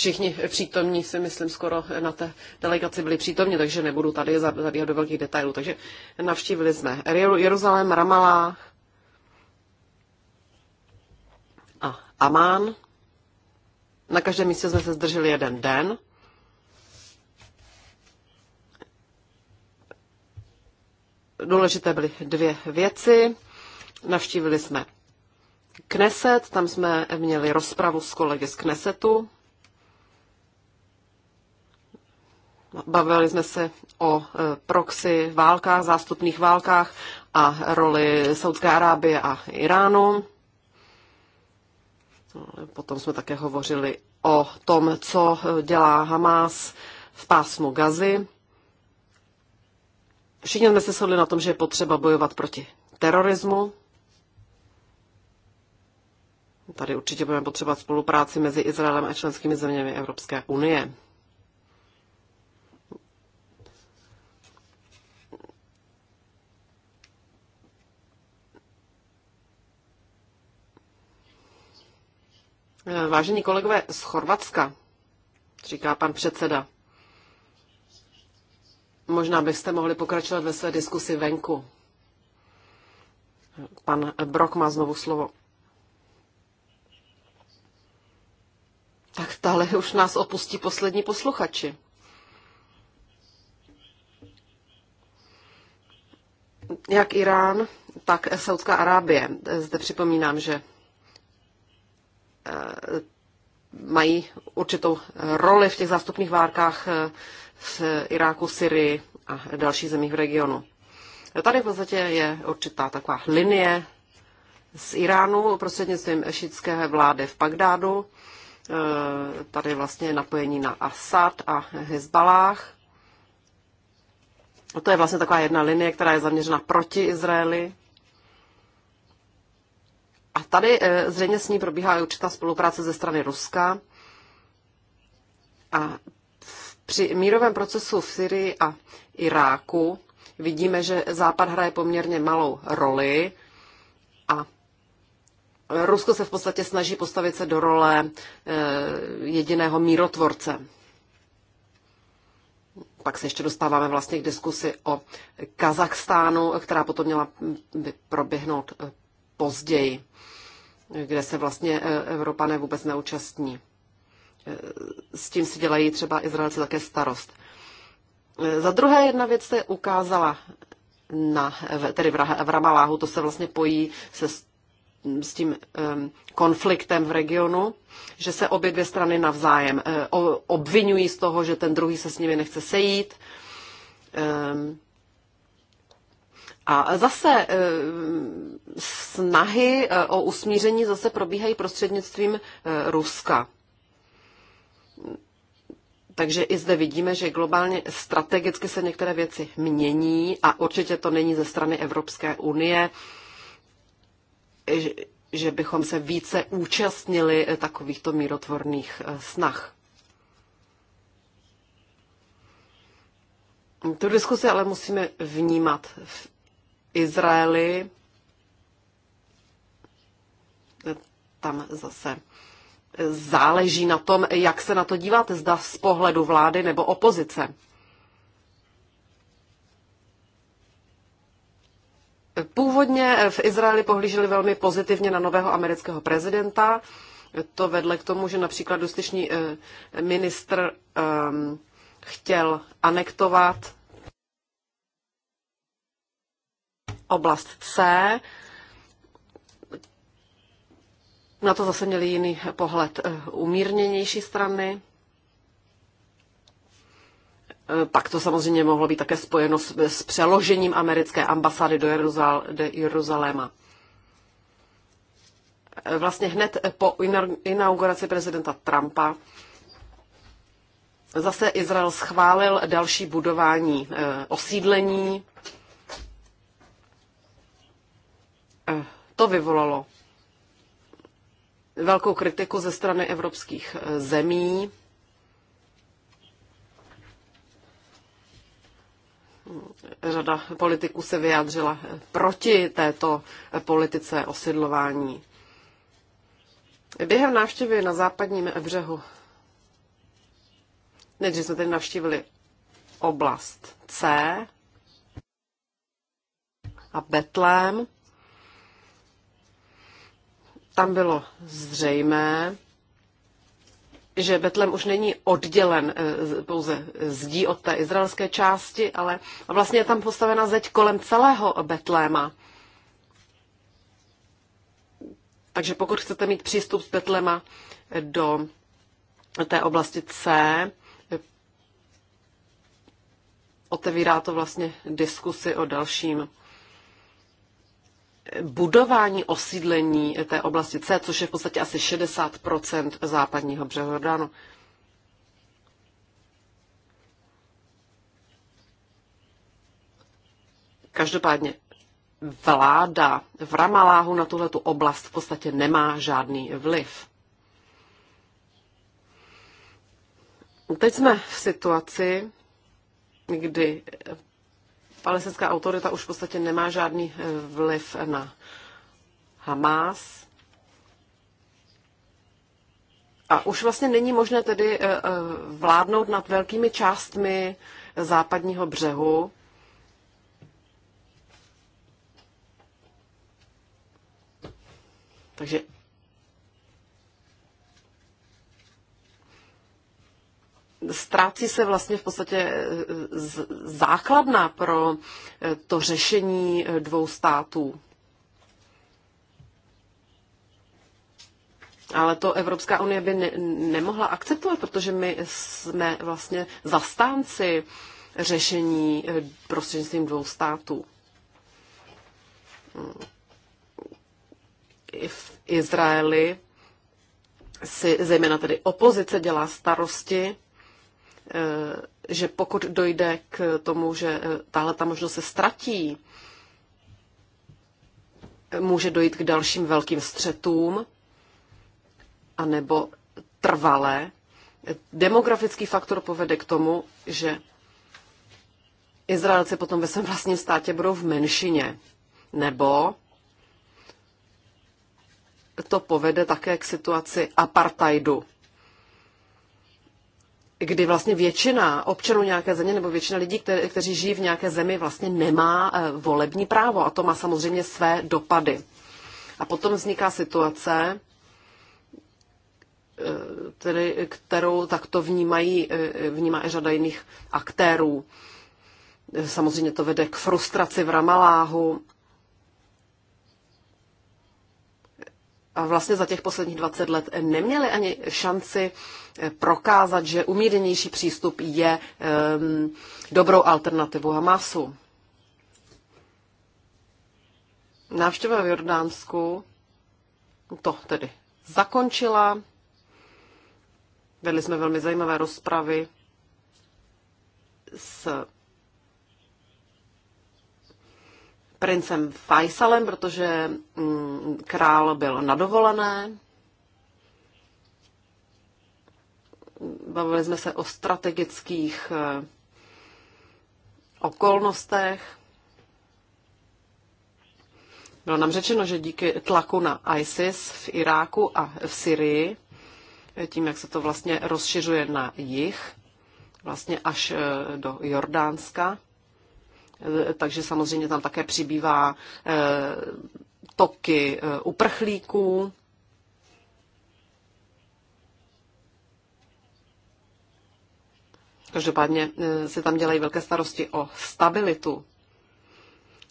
všichni přítomní si myslím skoro na té delegaci byli přítomni, takže nebudu tady zabíhat do velkých detailů. Takže navštívili jsme Jeruzalém, Ramalá a Amán. Na každém místě jsme se zdrželi jeden den. Důležité byly dvě věci. Navštívili jsme Kneset, tam jsme měli rozpravu s kolegy z Knesetu. Bavili jsme se o e, proxy válkách, zástupných válkách a roli Saudské Arábie a Iránu. No, potom jsme také hovořili o tom, co e, dělá Hamas v pásmu Gazy. Všichni jsme se shodli na tom, že je potřeba bojovat proti terorismu. Tady určitě budeme potřebovat spolupráci mezi Izraelem a členskými zeměmi Evropské unie. Eh, vážení kolegové z Chorvatska, říká pan předseda, možná byste mohli pokračovat ve své diskusi venku. Pan Brok má znovu slovo. Tak tahle už nás opustí poslední posluchači. Jak Irán, tak Saudská Arábie. Zde připomínám, že mají určitou roli v těch zástupných várkách v Iráku, Syrii a dalších zemích v regionu. Tady v podstatě je určitá taková linie z Iránu prostřednictvím šítské vlády v Bagdádu. Eh, tady vlastně napojení na Assad a Hezbalách. To je vlastně taková jedna linie, která je zaměřena proti Izraeli. A tady eh, zřejmě s ní probíhá i určitá spolupráce ze strany Ruska. A při mírovém procesu v Syrii a Iráku vidíme, že Západ hraje poměrně malou roli a Rusko se v podstatě snaží postavit se do role eh, jediného mírotvorce. Pak se ještě dostáváme vlastně k diskusi o Kazachstánu, která potom měla proběhnout eh, později, kde se vlastně eh, Evropané vůbec neúčastní. Eh, s tím si dělají třeba Izraelci také starost. Eh, za druhé jedna věc se ukázala na, tedy v Ramaláhu, to se vlastně pojí se s tím ehm, konfliktem v regionu, že se obě dvě strany navzájem obvinují z toho, že ten druhý se s nimi nechce sejít. Um, a zase eh, snahy eh, o usmíření zase probíhají prostřednictvím eh, Ruska. Takže i zde vidíme, že globálně strategicky se některé věci mění a určitě to není ze strany Evropské unie, že bychom se více účastnili takovýchto mírotvorných snah. Tu diskusi ale musíme vnímat Izraeli. Tam zase záleží na tom, jak se na to díváte, zda z pohledu vlády nebo opozice. Původně v Izraeli pohlíželi velmi pozitivně na nového amerického prezidenta. To vedle k tomu, že například justiční eh, ministr ehm, chtěl anektovat oblast C. Na to zase měli jiný pohled eh, umírněnější strany. Eh, pak to samozřejmě mohlo být také spojeno s, s přeložením americké ambasády do, Jeruzal, do Jeruzaléma. Eh, vlastně hned po inauguraci prezidenta Trumpa zase Izrael schválil další budování osídlení to vyvolalo velkou kritiku ze strany evropských e, zemí. Řada politiků se vyjádřila e, proti této e, politice osidlování. Během návštěvy na západním břehu, nejdřív jsme tedy navštívili oblast C a Betlém, tam bylo zřejmé, že Betlem už není oddělen eh, pouze zdí od té izraelské části, ale vlastně je tam postavena zeď kolem celého Betléma. Takže pokud chcete mít přístup z Betlema do té oblasti C, otevírá to vlastně diskusy o dalším budování osídlení té oblasti C, což je v podstatě asi 60 západního břehu Jordánu. Každopádně vláda v Ramaláhu na tuhletu oblast v podstatě nemá žádný vliv. Teď jsme v situaci, kdy palestinská autorita už v podstatě nemá žádný eh, vliv na Hamás. A už vlastně není možné tedy eh, eh, vládnout nad velkými částmi západního břehu. Takže ztrácí se vlastně v podstatě eh, základna pro eh, to řešení eh, dvou států. Ale to Evropská unie by ne, nemohla akceptovat, protože my jsme vlastně zastánci řešení prostřednictvím dvou států. I v Izraeli si zejména tedy opozice dělá starosti Eh, že pokud dojde k tomu, že eh, tahle ta možnost se ztratí, může dojít k dalším velkým střetům, anebo trvalé. Demografický faktor povede k tomu, že Izraelci potom ve svém vlastním státě budou v menšině. Nebo to povede také k situaci apartheidu, kdy vlastně většina občanů nějaké země nebo většina lidí, kteří žijí v nějaké zemi, vlastně nemá eh, volební právo a to má samozřejmě své dopady. A potom vzniká situace, eh, tedy, kterou takto vnímají, eh, vnímá i řada jiných aktérů. Samozřejmě to vede k frustraci v Ramaláhu, a vlastně za těch posledních 20 let neměli ani šanci eh, prokázat, že umírnější přístup je um, dobrou alternativou Hamasu. Návštěva v Jordánsku to tedy zakončila. Vedli jsme velmi zajímavé rozpravy s princem Faisalem, protože mm, král byl nadovolené. Bavili jsme se o strategických eh, okolnostech. Bylo nám řečeno, že díky tlaku na ISIS v Iráku a v Syrii, eh, tím, jak se to vlastně rozšiřuje na jih, vlastně až eh, do Jordánska, Eh, takže samozřejmě tam také přibývá eh, toky eh, uprchlíků. Každopádně se tam dělají velké starosti o stabilitu.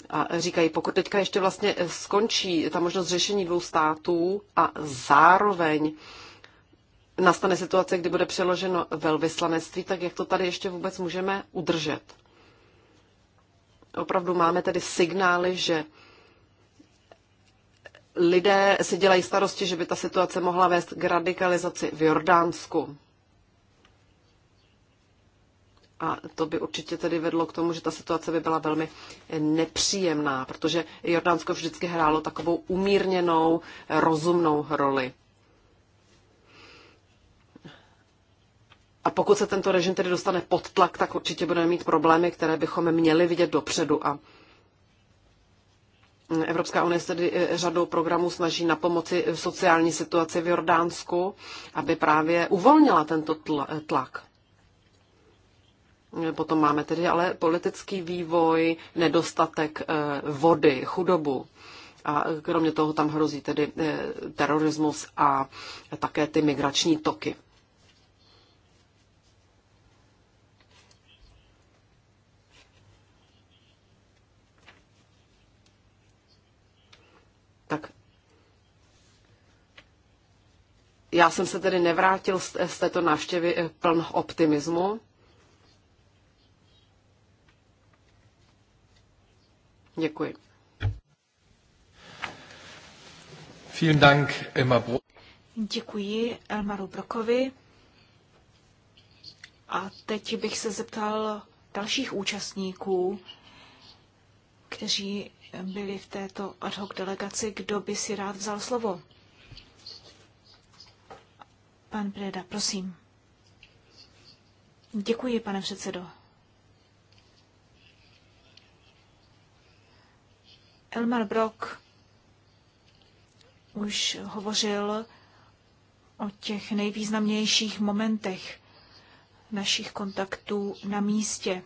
A říkají, pokud teďka ještě vlastně skončí ta možnost řešení dvou států a zároveň nastane situace, kdy bude přeloženo velvyslanectví, tak jak to tady ještě vůbec můžeme udržet? opravdu máme tedy signály, že lidé si dělají starosti, že by ta situace mohla vést k radikalizaci v Jordánsku. A to by určitě tedy vedlo k tomu, že ta situace by byla velmi nepříjemná, protože Jordánsko vždycky hrálo takovou umírněnou, rozumnou roli. A pokud se tento režim tedy dostane pod tlak, tak určitě budeme mít problémy, které bychom měli vidět dopředu. A Evropská unie se tedy e, řadou programů snaží na pomoci sociální situaci v Jordánsku, aby právě uvolnila tento e, tlak. E, potom máme tedy ale politický vývoj, nedostatek vody, chudobu. A kromě toho tam hrozí tedy terorismus a také ty migrační toky. já jsem se tedy nevrátil z, z této návštěvy eh, pln optimismu. Děkuji. Vielen Dank, Emma Bro- Děkuji Elmaru Brokovi. A teď bych se zeptal dalších účastníků, kteří byli v této ad hoc delegaci, kdo by si rád vzal slovo. Pan Preda, prosím. Děkuji, pane předsedo. Elmar Brock už hovořil o těch nejvýznamnějších momentech našich kontaktů na místě.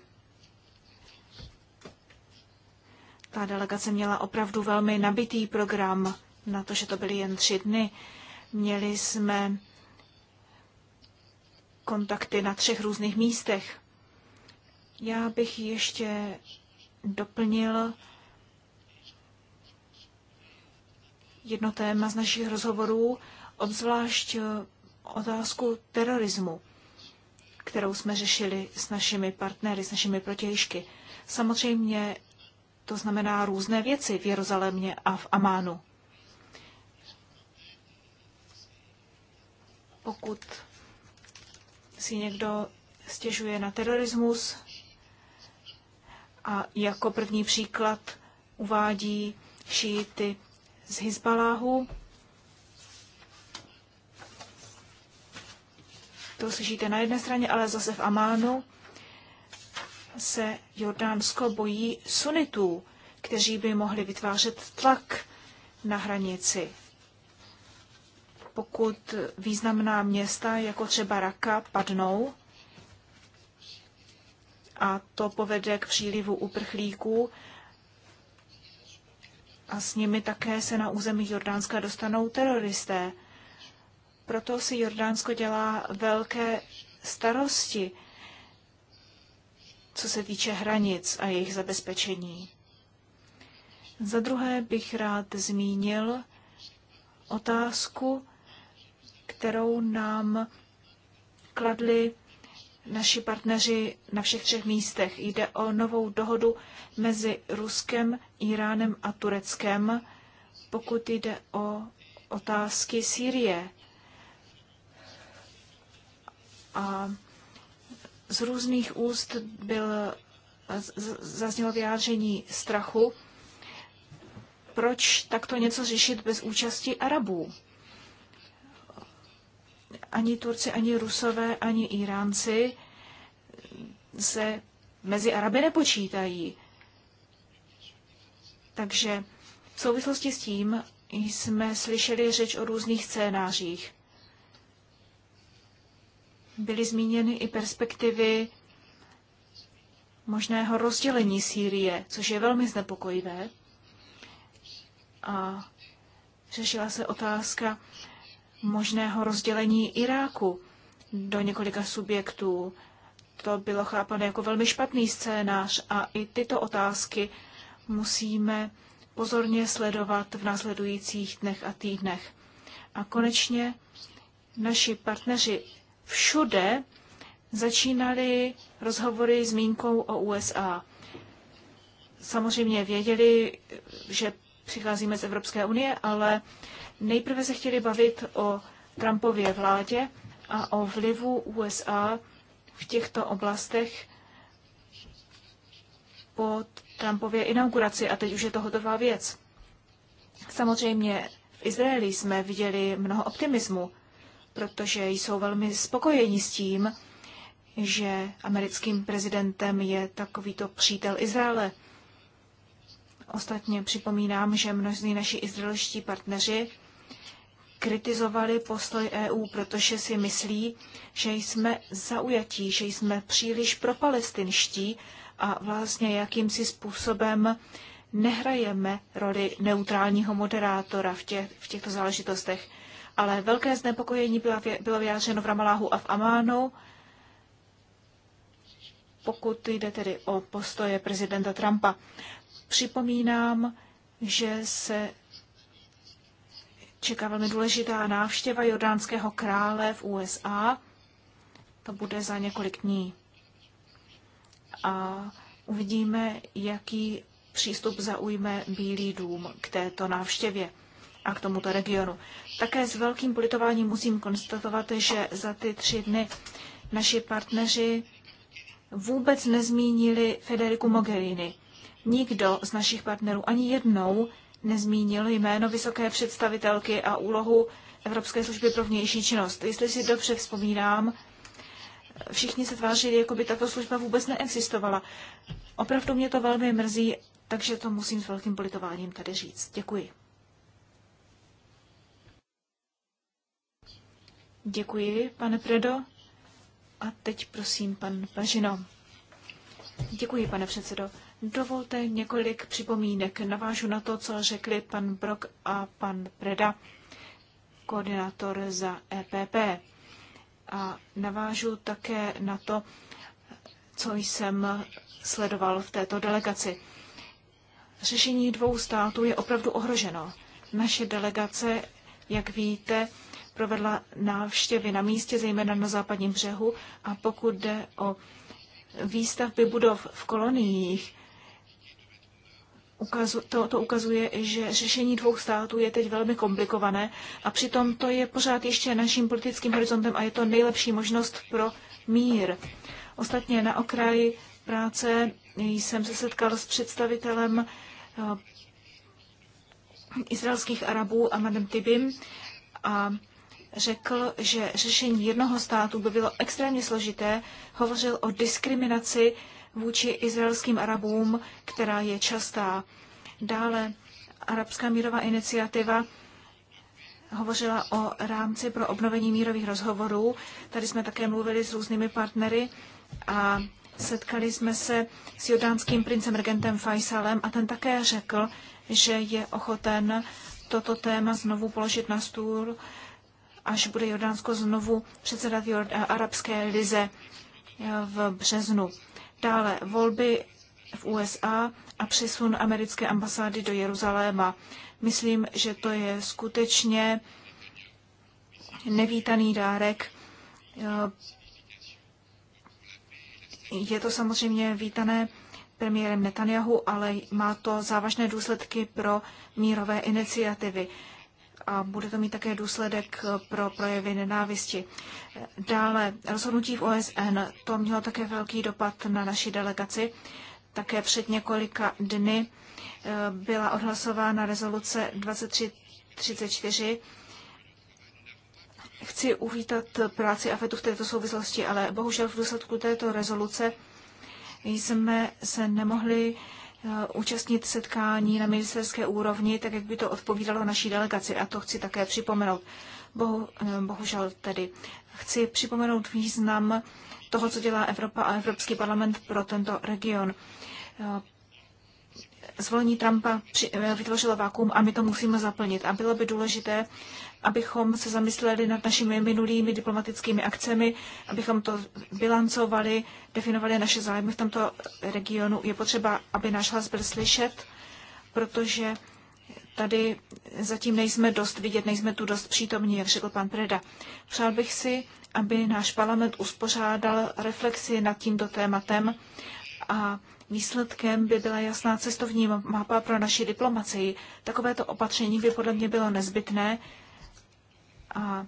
Ta delegace měla opravdu velmi nabitý program, na to, že to byly jen tři dny. Měli jsme kontakty na třech různých místech. Já bych ještě doplnil jedno téma z našich rozhovorů, obzvlášť otázku terorismu, kterou jsme řešili s našimi partnery, s našimi protějšky. Samozřejmě to znamená různé věci v Jeruzalémě a v Amánu. Pokud si někdo stěžuje na terorismus a jako první příklad uvádí šíty z Hizbaláhu. To slyšíte na jedné straně, ale zase v Amánu se Jordánsko bojí sunitů, kteří by mohli vytvářet tlak na hranici pokud významná města, jako třeba Raka, padnou, a to povede k přílivu uprchlíků, a s nimi také se na území Jordánska dostanou teroristé. Proto si Jordánsko dělá velké starosti, co se týče hranic a jejich zabezpečení. Za druhé bych rád zmínil otázku kterou nám kladli naši partneři na všech třech místech. Jde o novou dohodu mezi Ruskem, Iránem a Tureckem, pokud jde o otázky Sýrie. A z různých úst byl, zaznělo vyjádření strachu, proč takto něco řešit bez účasti Arabů ani Turci, ani Rusové, ani Iránci se mezi Araby nepočítají. Takže v souvislosti s tím jsme slyšeli řeč o různých scénářích. Byly zmíněny i perspektivy možného rozdělení Sýrie, což je velmi znepokojivé. A řešila se otázka možného rozdělení Iráku do několika subjektů. To bylo chápané jako velmi špatný scénář a i tyto otázky musíme pozorně sledovat v následujících dnech a týdnech. A konečně naši partneři všude začínali rozhovory zmínkou o USA. Samozřejmě věděli, že přicházíme z Evropské unie, ale Nejprve se chtěli bavit o Trumpově vládě a o vlivu USA v těchto oblastech po Trumpově inauguraci a teď už je to hotová věc. Samozřejmě v Izraeli jsme viděli mnoho optimismu, protože jsou velmi spokojeni s tím, že americkým prezidentem je takovýto přítel Izraele. Ostatně připomínám, že mnozí naši izraelští partneři kritizovali postoj EU, protože si myslí, že jsme zaujatí, že jsme příliš propalestinští a vlastně jakýmsi způsobem nehrajeme roli neutrálního moderátora v, tě, v těchto záležitostech. Ale velké znepokojení bylo, bylo vyjádřeno v Ramaláhu a v Amánu, pokud jde tedy o postoje prezidenta Trumpa. Připomínám, že se čeká velmi důležitá návštěva jordánského krále v USA. To bude za několik dní. A uvidíme, jaký přístup zaujme Bílý dům k této návštěvě a k tomuto regionu. Také s velkým politováním musím konstatovat, že za ty tři dny naši partneři vůbec nezmínili Federiku Mogherini. Nikdo z našich partnerů ani jednou nezmínil jméno vysoké představitelky a úlohu Evropské služby pro vnější činnost. Jestli si dobře vzpomínám, všichni se tvářili, jako by tato služba vůbec neexistovala. Opravdu mě to velmi mrzí, takže to musím s velkým politováním tady říct. Děkuji. Děkuji, pane Predo. A teď prosím, pan Pažino. Děkuji, pane předsedo. Dovolte několik připomínek. Navážu na to, co řekli pan Brok a pan Preda, koordinátor za EPP. A navážu také na to, co jsem sledoval v této delegaci. Řešení dvou států je opravdu ohroženo. Naše delegace, jak víte, provedla návštěvy na místě, zejména na západním břehu, a pokud jde o výstavby budov v koloniích, ukazu, to, to ukazuje, že řešení dvou států je teď velmi komplikované a přitom to je pořád ještě naším politickým horizontem a je to nejlepší možnost pro mír. Ostatně na okraji práce jsem se setkal s představitelem eh, izraelských Arabů Amadem Tibim a řekl, že řešení jednoho státu by bylo extrémně složité. Hovořil o diskriminaci vůči izraelským Arabům, která je častá. Dále Arabská mírová iniciativa hovořila o rámci pro obnovení mírových rozhovorů. Tady jsme také mluvili s různými partnery a setkali jsme se s jordánským princem regentem Faisalem a ten také řekl, že je ochoten toto téma znovu položit na stůl, až bude Jordánsko znovu předsedat eh, Arabské lize eh, v březnu. Dále volby v USA a přesun americké ambasády do Jeruzaléma. Myslím, že to je skutečně nevítaný dárek. Eh, je to samozřejmě vítané premiérem Netanyahu, ale má to závažné důsledky pro mírové iniciativy a bude to mít také důsledek pro projevy nenávisti. Dále rozhodnutí v OSN, to mělo také velký dopad na naši delegaci. Také před několika dny eh, byla odhlasována rezoluce 2334. Chci uvítat práci AFETu v této souvislosti, ale bohužel v důsledku této rezoluce jsme se nemohli uh, Eh, účastnit setkání na ministerské úrovni, tak jak by to odpovídalo naší delegaci. A to chci také připomenout. Bohu, eh, bohužel tedy. Chci připomenout význam toho, co dělá Evropa a Evropský parlament pro tento region. Eh, zvolení Trumpa eh, vytvořilo vákum a my to musíme zaplnit. A bylo by důležité, abychom se zamysleli nad našimi minulými diplomatickými akcemi, abychom to bilancovali, definovali naše zájmy v tomto regionu. Je potřeba, aby náš hlas byl slyšet, protože tady zatím nejsme dost vidět, nejsme tu dost přítomní, jak řekl pan Preda. Přál bych si, aby náš parlament uspořádal reflexi nad tímto tématem a Výsledkem by byla jasná cestovní mapa pro naši diplomacii. Takovéto opatření by podle mě bylo nezbytné a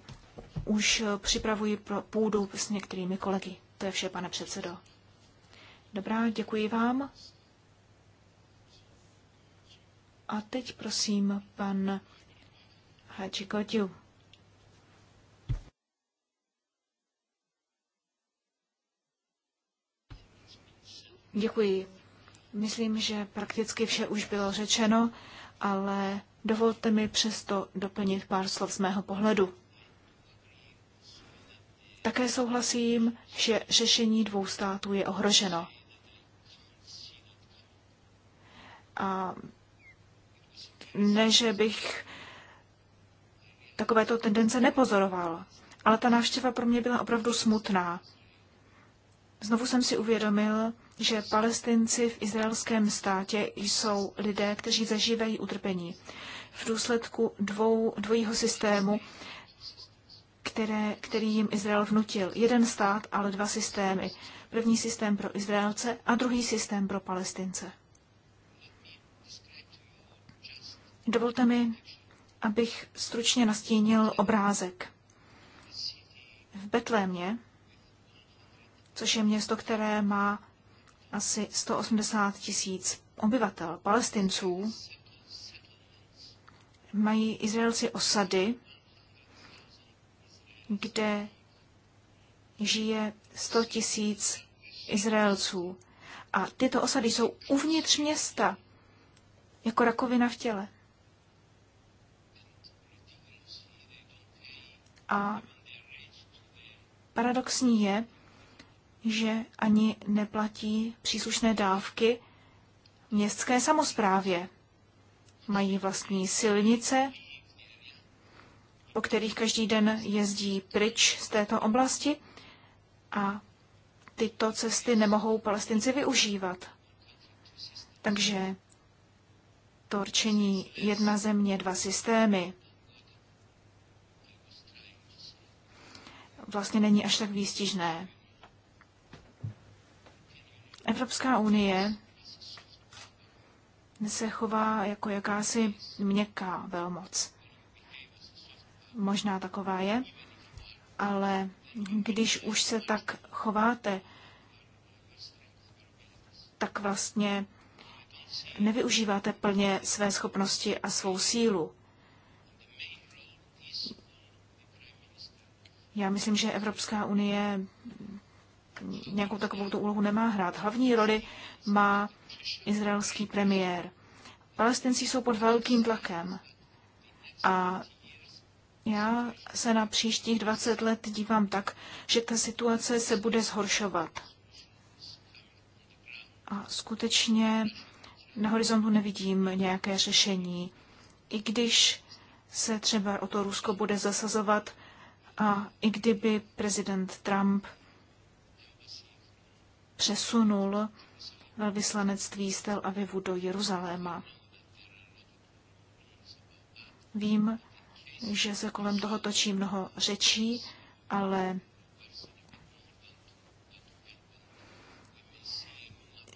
už připravuji pro půdu s některými kolegy. To je vše, pane předsedo. Dobrá, děkuji vám. A teď prosím pan Hachikotiu. Děkuji. Myslím, že prakticky vše už bylo řečeno, ale dovolte mi přesto doplnit pár slov z mého pohledu. Také souhlasím, že řešení dvou států je ohroženo. A ne, že bych takovéto tendence nepozoroval, ale ta návštěva pro mě byla opravdu smutná. Znovu jsem si uvědomil, že palestinci v izraelském státě jsou lidé, kteří zažívají utrpení v důsledku dvou, dvojího systému, které, který jim Izrael vnutil. Jeden stát, ale dva systémy. První systém pro Izraelce a druhý systém pro Palestince. Dovolte mi, abych stručně nastínil obrázek. V Betlémě což je město, které má asi 180 tisíc obyvatel, palestinců. Mají Izraelci osady, kde žije 100 tisíc Izraelců. A tyto osady jsou uvnitř města, jako rakovina v těle. A paradoxní je, že ani neplatí příslušné dávky městské samozprávě. Mají vlastní silnice, po kterých každý den jezdí pryč z této oblasti a tyto cesty nemohou palestinci využívat. Takže to určení jedna země, dva systémy vlastně není až tak výstižné. Evropská unie se chová jako jakási měkká velmoc. Možná taková je, ale když už se tak chováte, tak vlastně nevyužíváte plně své schopnosti a svou sílu. Já myslím, že Evropská unie nějakou takovou tu úlohu nemá hrát. Hlavní roli má izraelský premiér. Palestinci jsou pod velkým tlakem a já se na příštích 20 let dívám tak, že ta situace se bude zhoršovat. A skutečně na horizontu nevidím nějaké řešení. I když se třeba o to Rusko bude zasazovat a i kdyby prezident Trump přesunul velvyslanectví z Tel Avivu do Jeruzaléma. Vím, že se kolem toho točí mnoho řečí, ale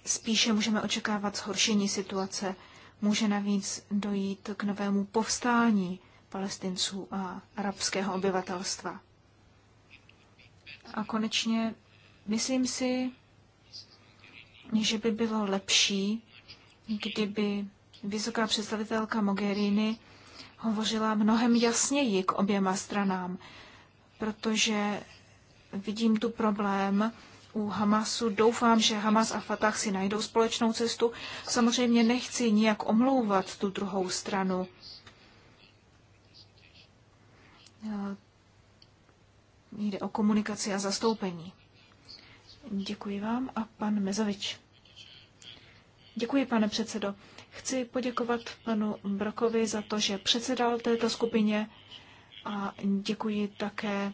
spíše můžeme očekávat zhoršení situace. Může navíc dojít k novému povstání palestinců a arabského obyvatelstva. A konečně myslím si, že by bylo lepší, kdyby vysoká představitelka Mogherini hovořila mnohem jasněji k oběma stranám, protože vidím tu problém u Hamasu. Doufám, že Hamas a Fatah si najdou společnou cestu. Samozřejmě nechci nijak omlouvat tu druhou stranu. Jde o komunikaci a zastoupení. Děkuji vám a pan Mezovič. Děkuji, pane předsedo. Chci poděkovat panu Brokovi za to, že předsedal této skupině a děkuji také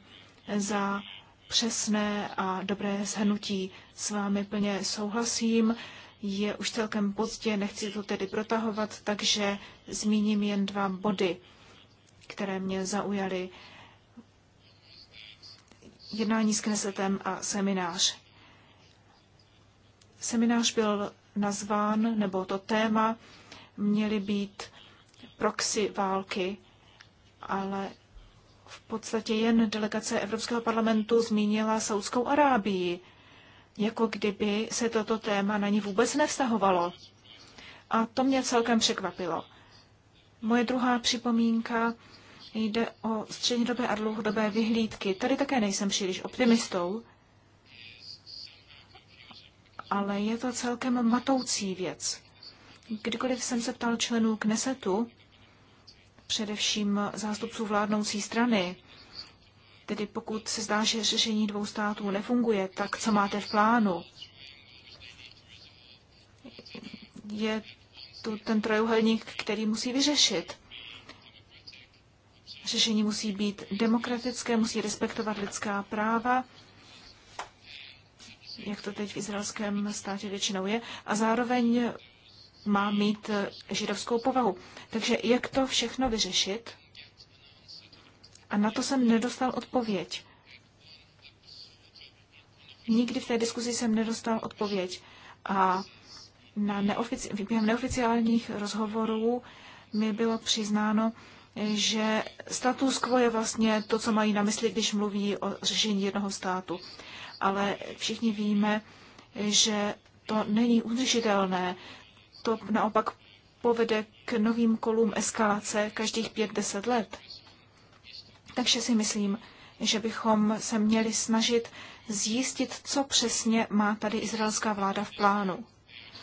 za přesné a dobré shrnutí. S vámi plně souhlasím. Je už celkem pozdě, nechci to tedy protahovat, takže zmíním jen dva body, které mě zaujaly. Jednání s Knesetem a seminář. Seminář byl nazván, nebo to téma měly být proxy války, ale v podstatě jen delegace Evropského parlamentu zmínila Saudskou Arábii, jako kdyby se toto téma na ní vůbec nevztahovalo. A to mě celkem překvapilo. Moje druhá připomínka jde o střednědobé a dlouhodobé vyhlídky. Tady také nejsem příliš optimistou ale je to celkem matoucí věc. Kdykoliv jsem se ptal členů Knesetu, především zástupců vládnoucí strany, tedy pokud se zdá, že řešení dvou států nefunguje, tak co máte v plánu? Je tu ten trojuhelník, který musí vyřešit. Řešení musí být demokratické, musí respektovat lidská práva, jak to teď v izraelském státě většinou je, a zároveň má mít eh, židovskou povahu. Takže jak to všechno vyřešit? A na to jsem nedostal odpověď. Nikdy v té diskuzi jsem nedostal odpověď. A na neofici- během neoficiálních rozhovorů mi bylo přiznáno, že status quo je vlastně to, co mají na mysli, když mluví o řešení jednoho státu. Ale všichni víme, že to není udržitelné. To naopak povede k novým kolům eskalace každých pět deset let. Takže si myslím, že bychom se měli snažit zjistit, co přesně má tady izraelská vláda v plánu.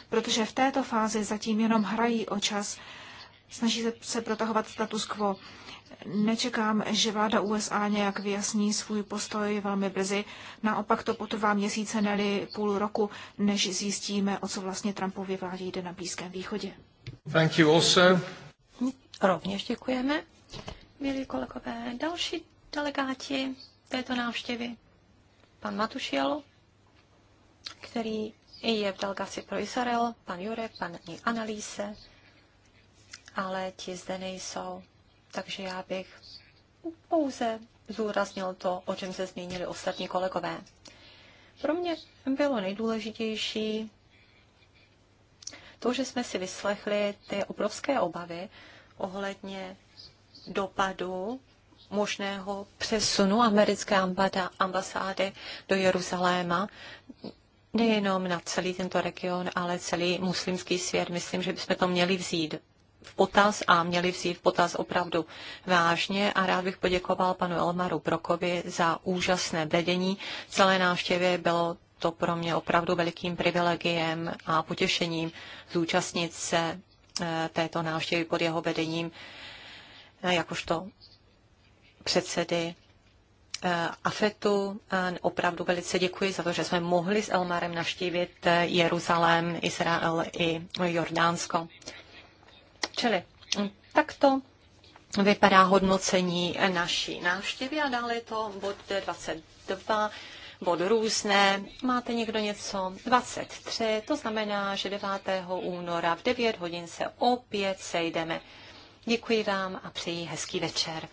Protože v této fázi zatím jenom hrají o čas Snaží se protahovat status quo. Nečekám, že vláda USA nějak vyjasní svůj postoj velmi brzy. Naopak to potrvá měsíce, neli půl roku, než zjistíme, o co vlastně Trumpově vládě jde na Blízkém východě. Thank you also. Rovněž děkujeme. Milí kolegové, další delegáti této návštěvy. Pan Matušiel, který je v delegaci pro Izrael, pan Jurek, pan Analýse, ale ti zde nejsou. Takže já bych pouze zúraznil to, o čem se změnili ostatní kolegové. Pro mě bylo nejdůležitější to, že jsme si vyslechli ty obrovské obavy ohledně dopadu možného přesunu americké ambasády do Jeruzaléma, nejenom na celý tento region, ale celý muslimský svět. Myslím, že bychom to měli vzít v potaz a měli vzít v potaz opravdu vážně. A rád bych poděkoval panu Elmaru Brokovi za úžasné vedení celé návštěvě Bylo to pro mě opravdu velikým privilegiem a potěšením zúčastnit se eh, této návštěvy pod jeho vedením eh, jakožto předsedy eh, AFETu. Opravdu velice děkuji za to, že jsme mohli s Elmarem navštívit Jeruzalém, Izrael i Jordánsko. Čili hm, takto vypadá hodnocení naší návštěvy a dále je to bod 22 bod různé. Máte někdo něco? 23, to znamená, že 9. února v 9 hodin se opět sejdeme. Děkuji vám a přeji hezký večer.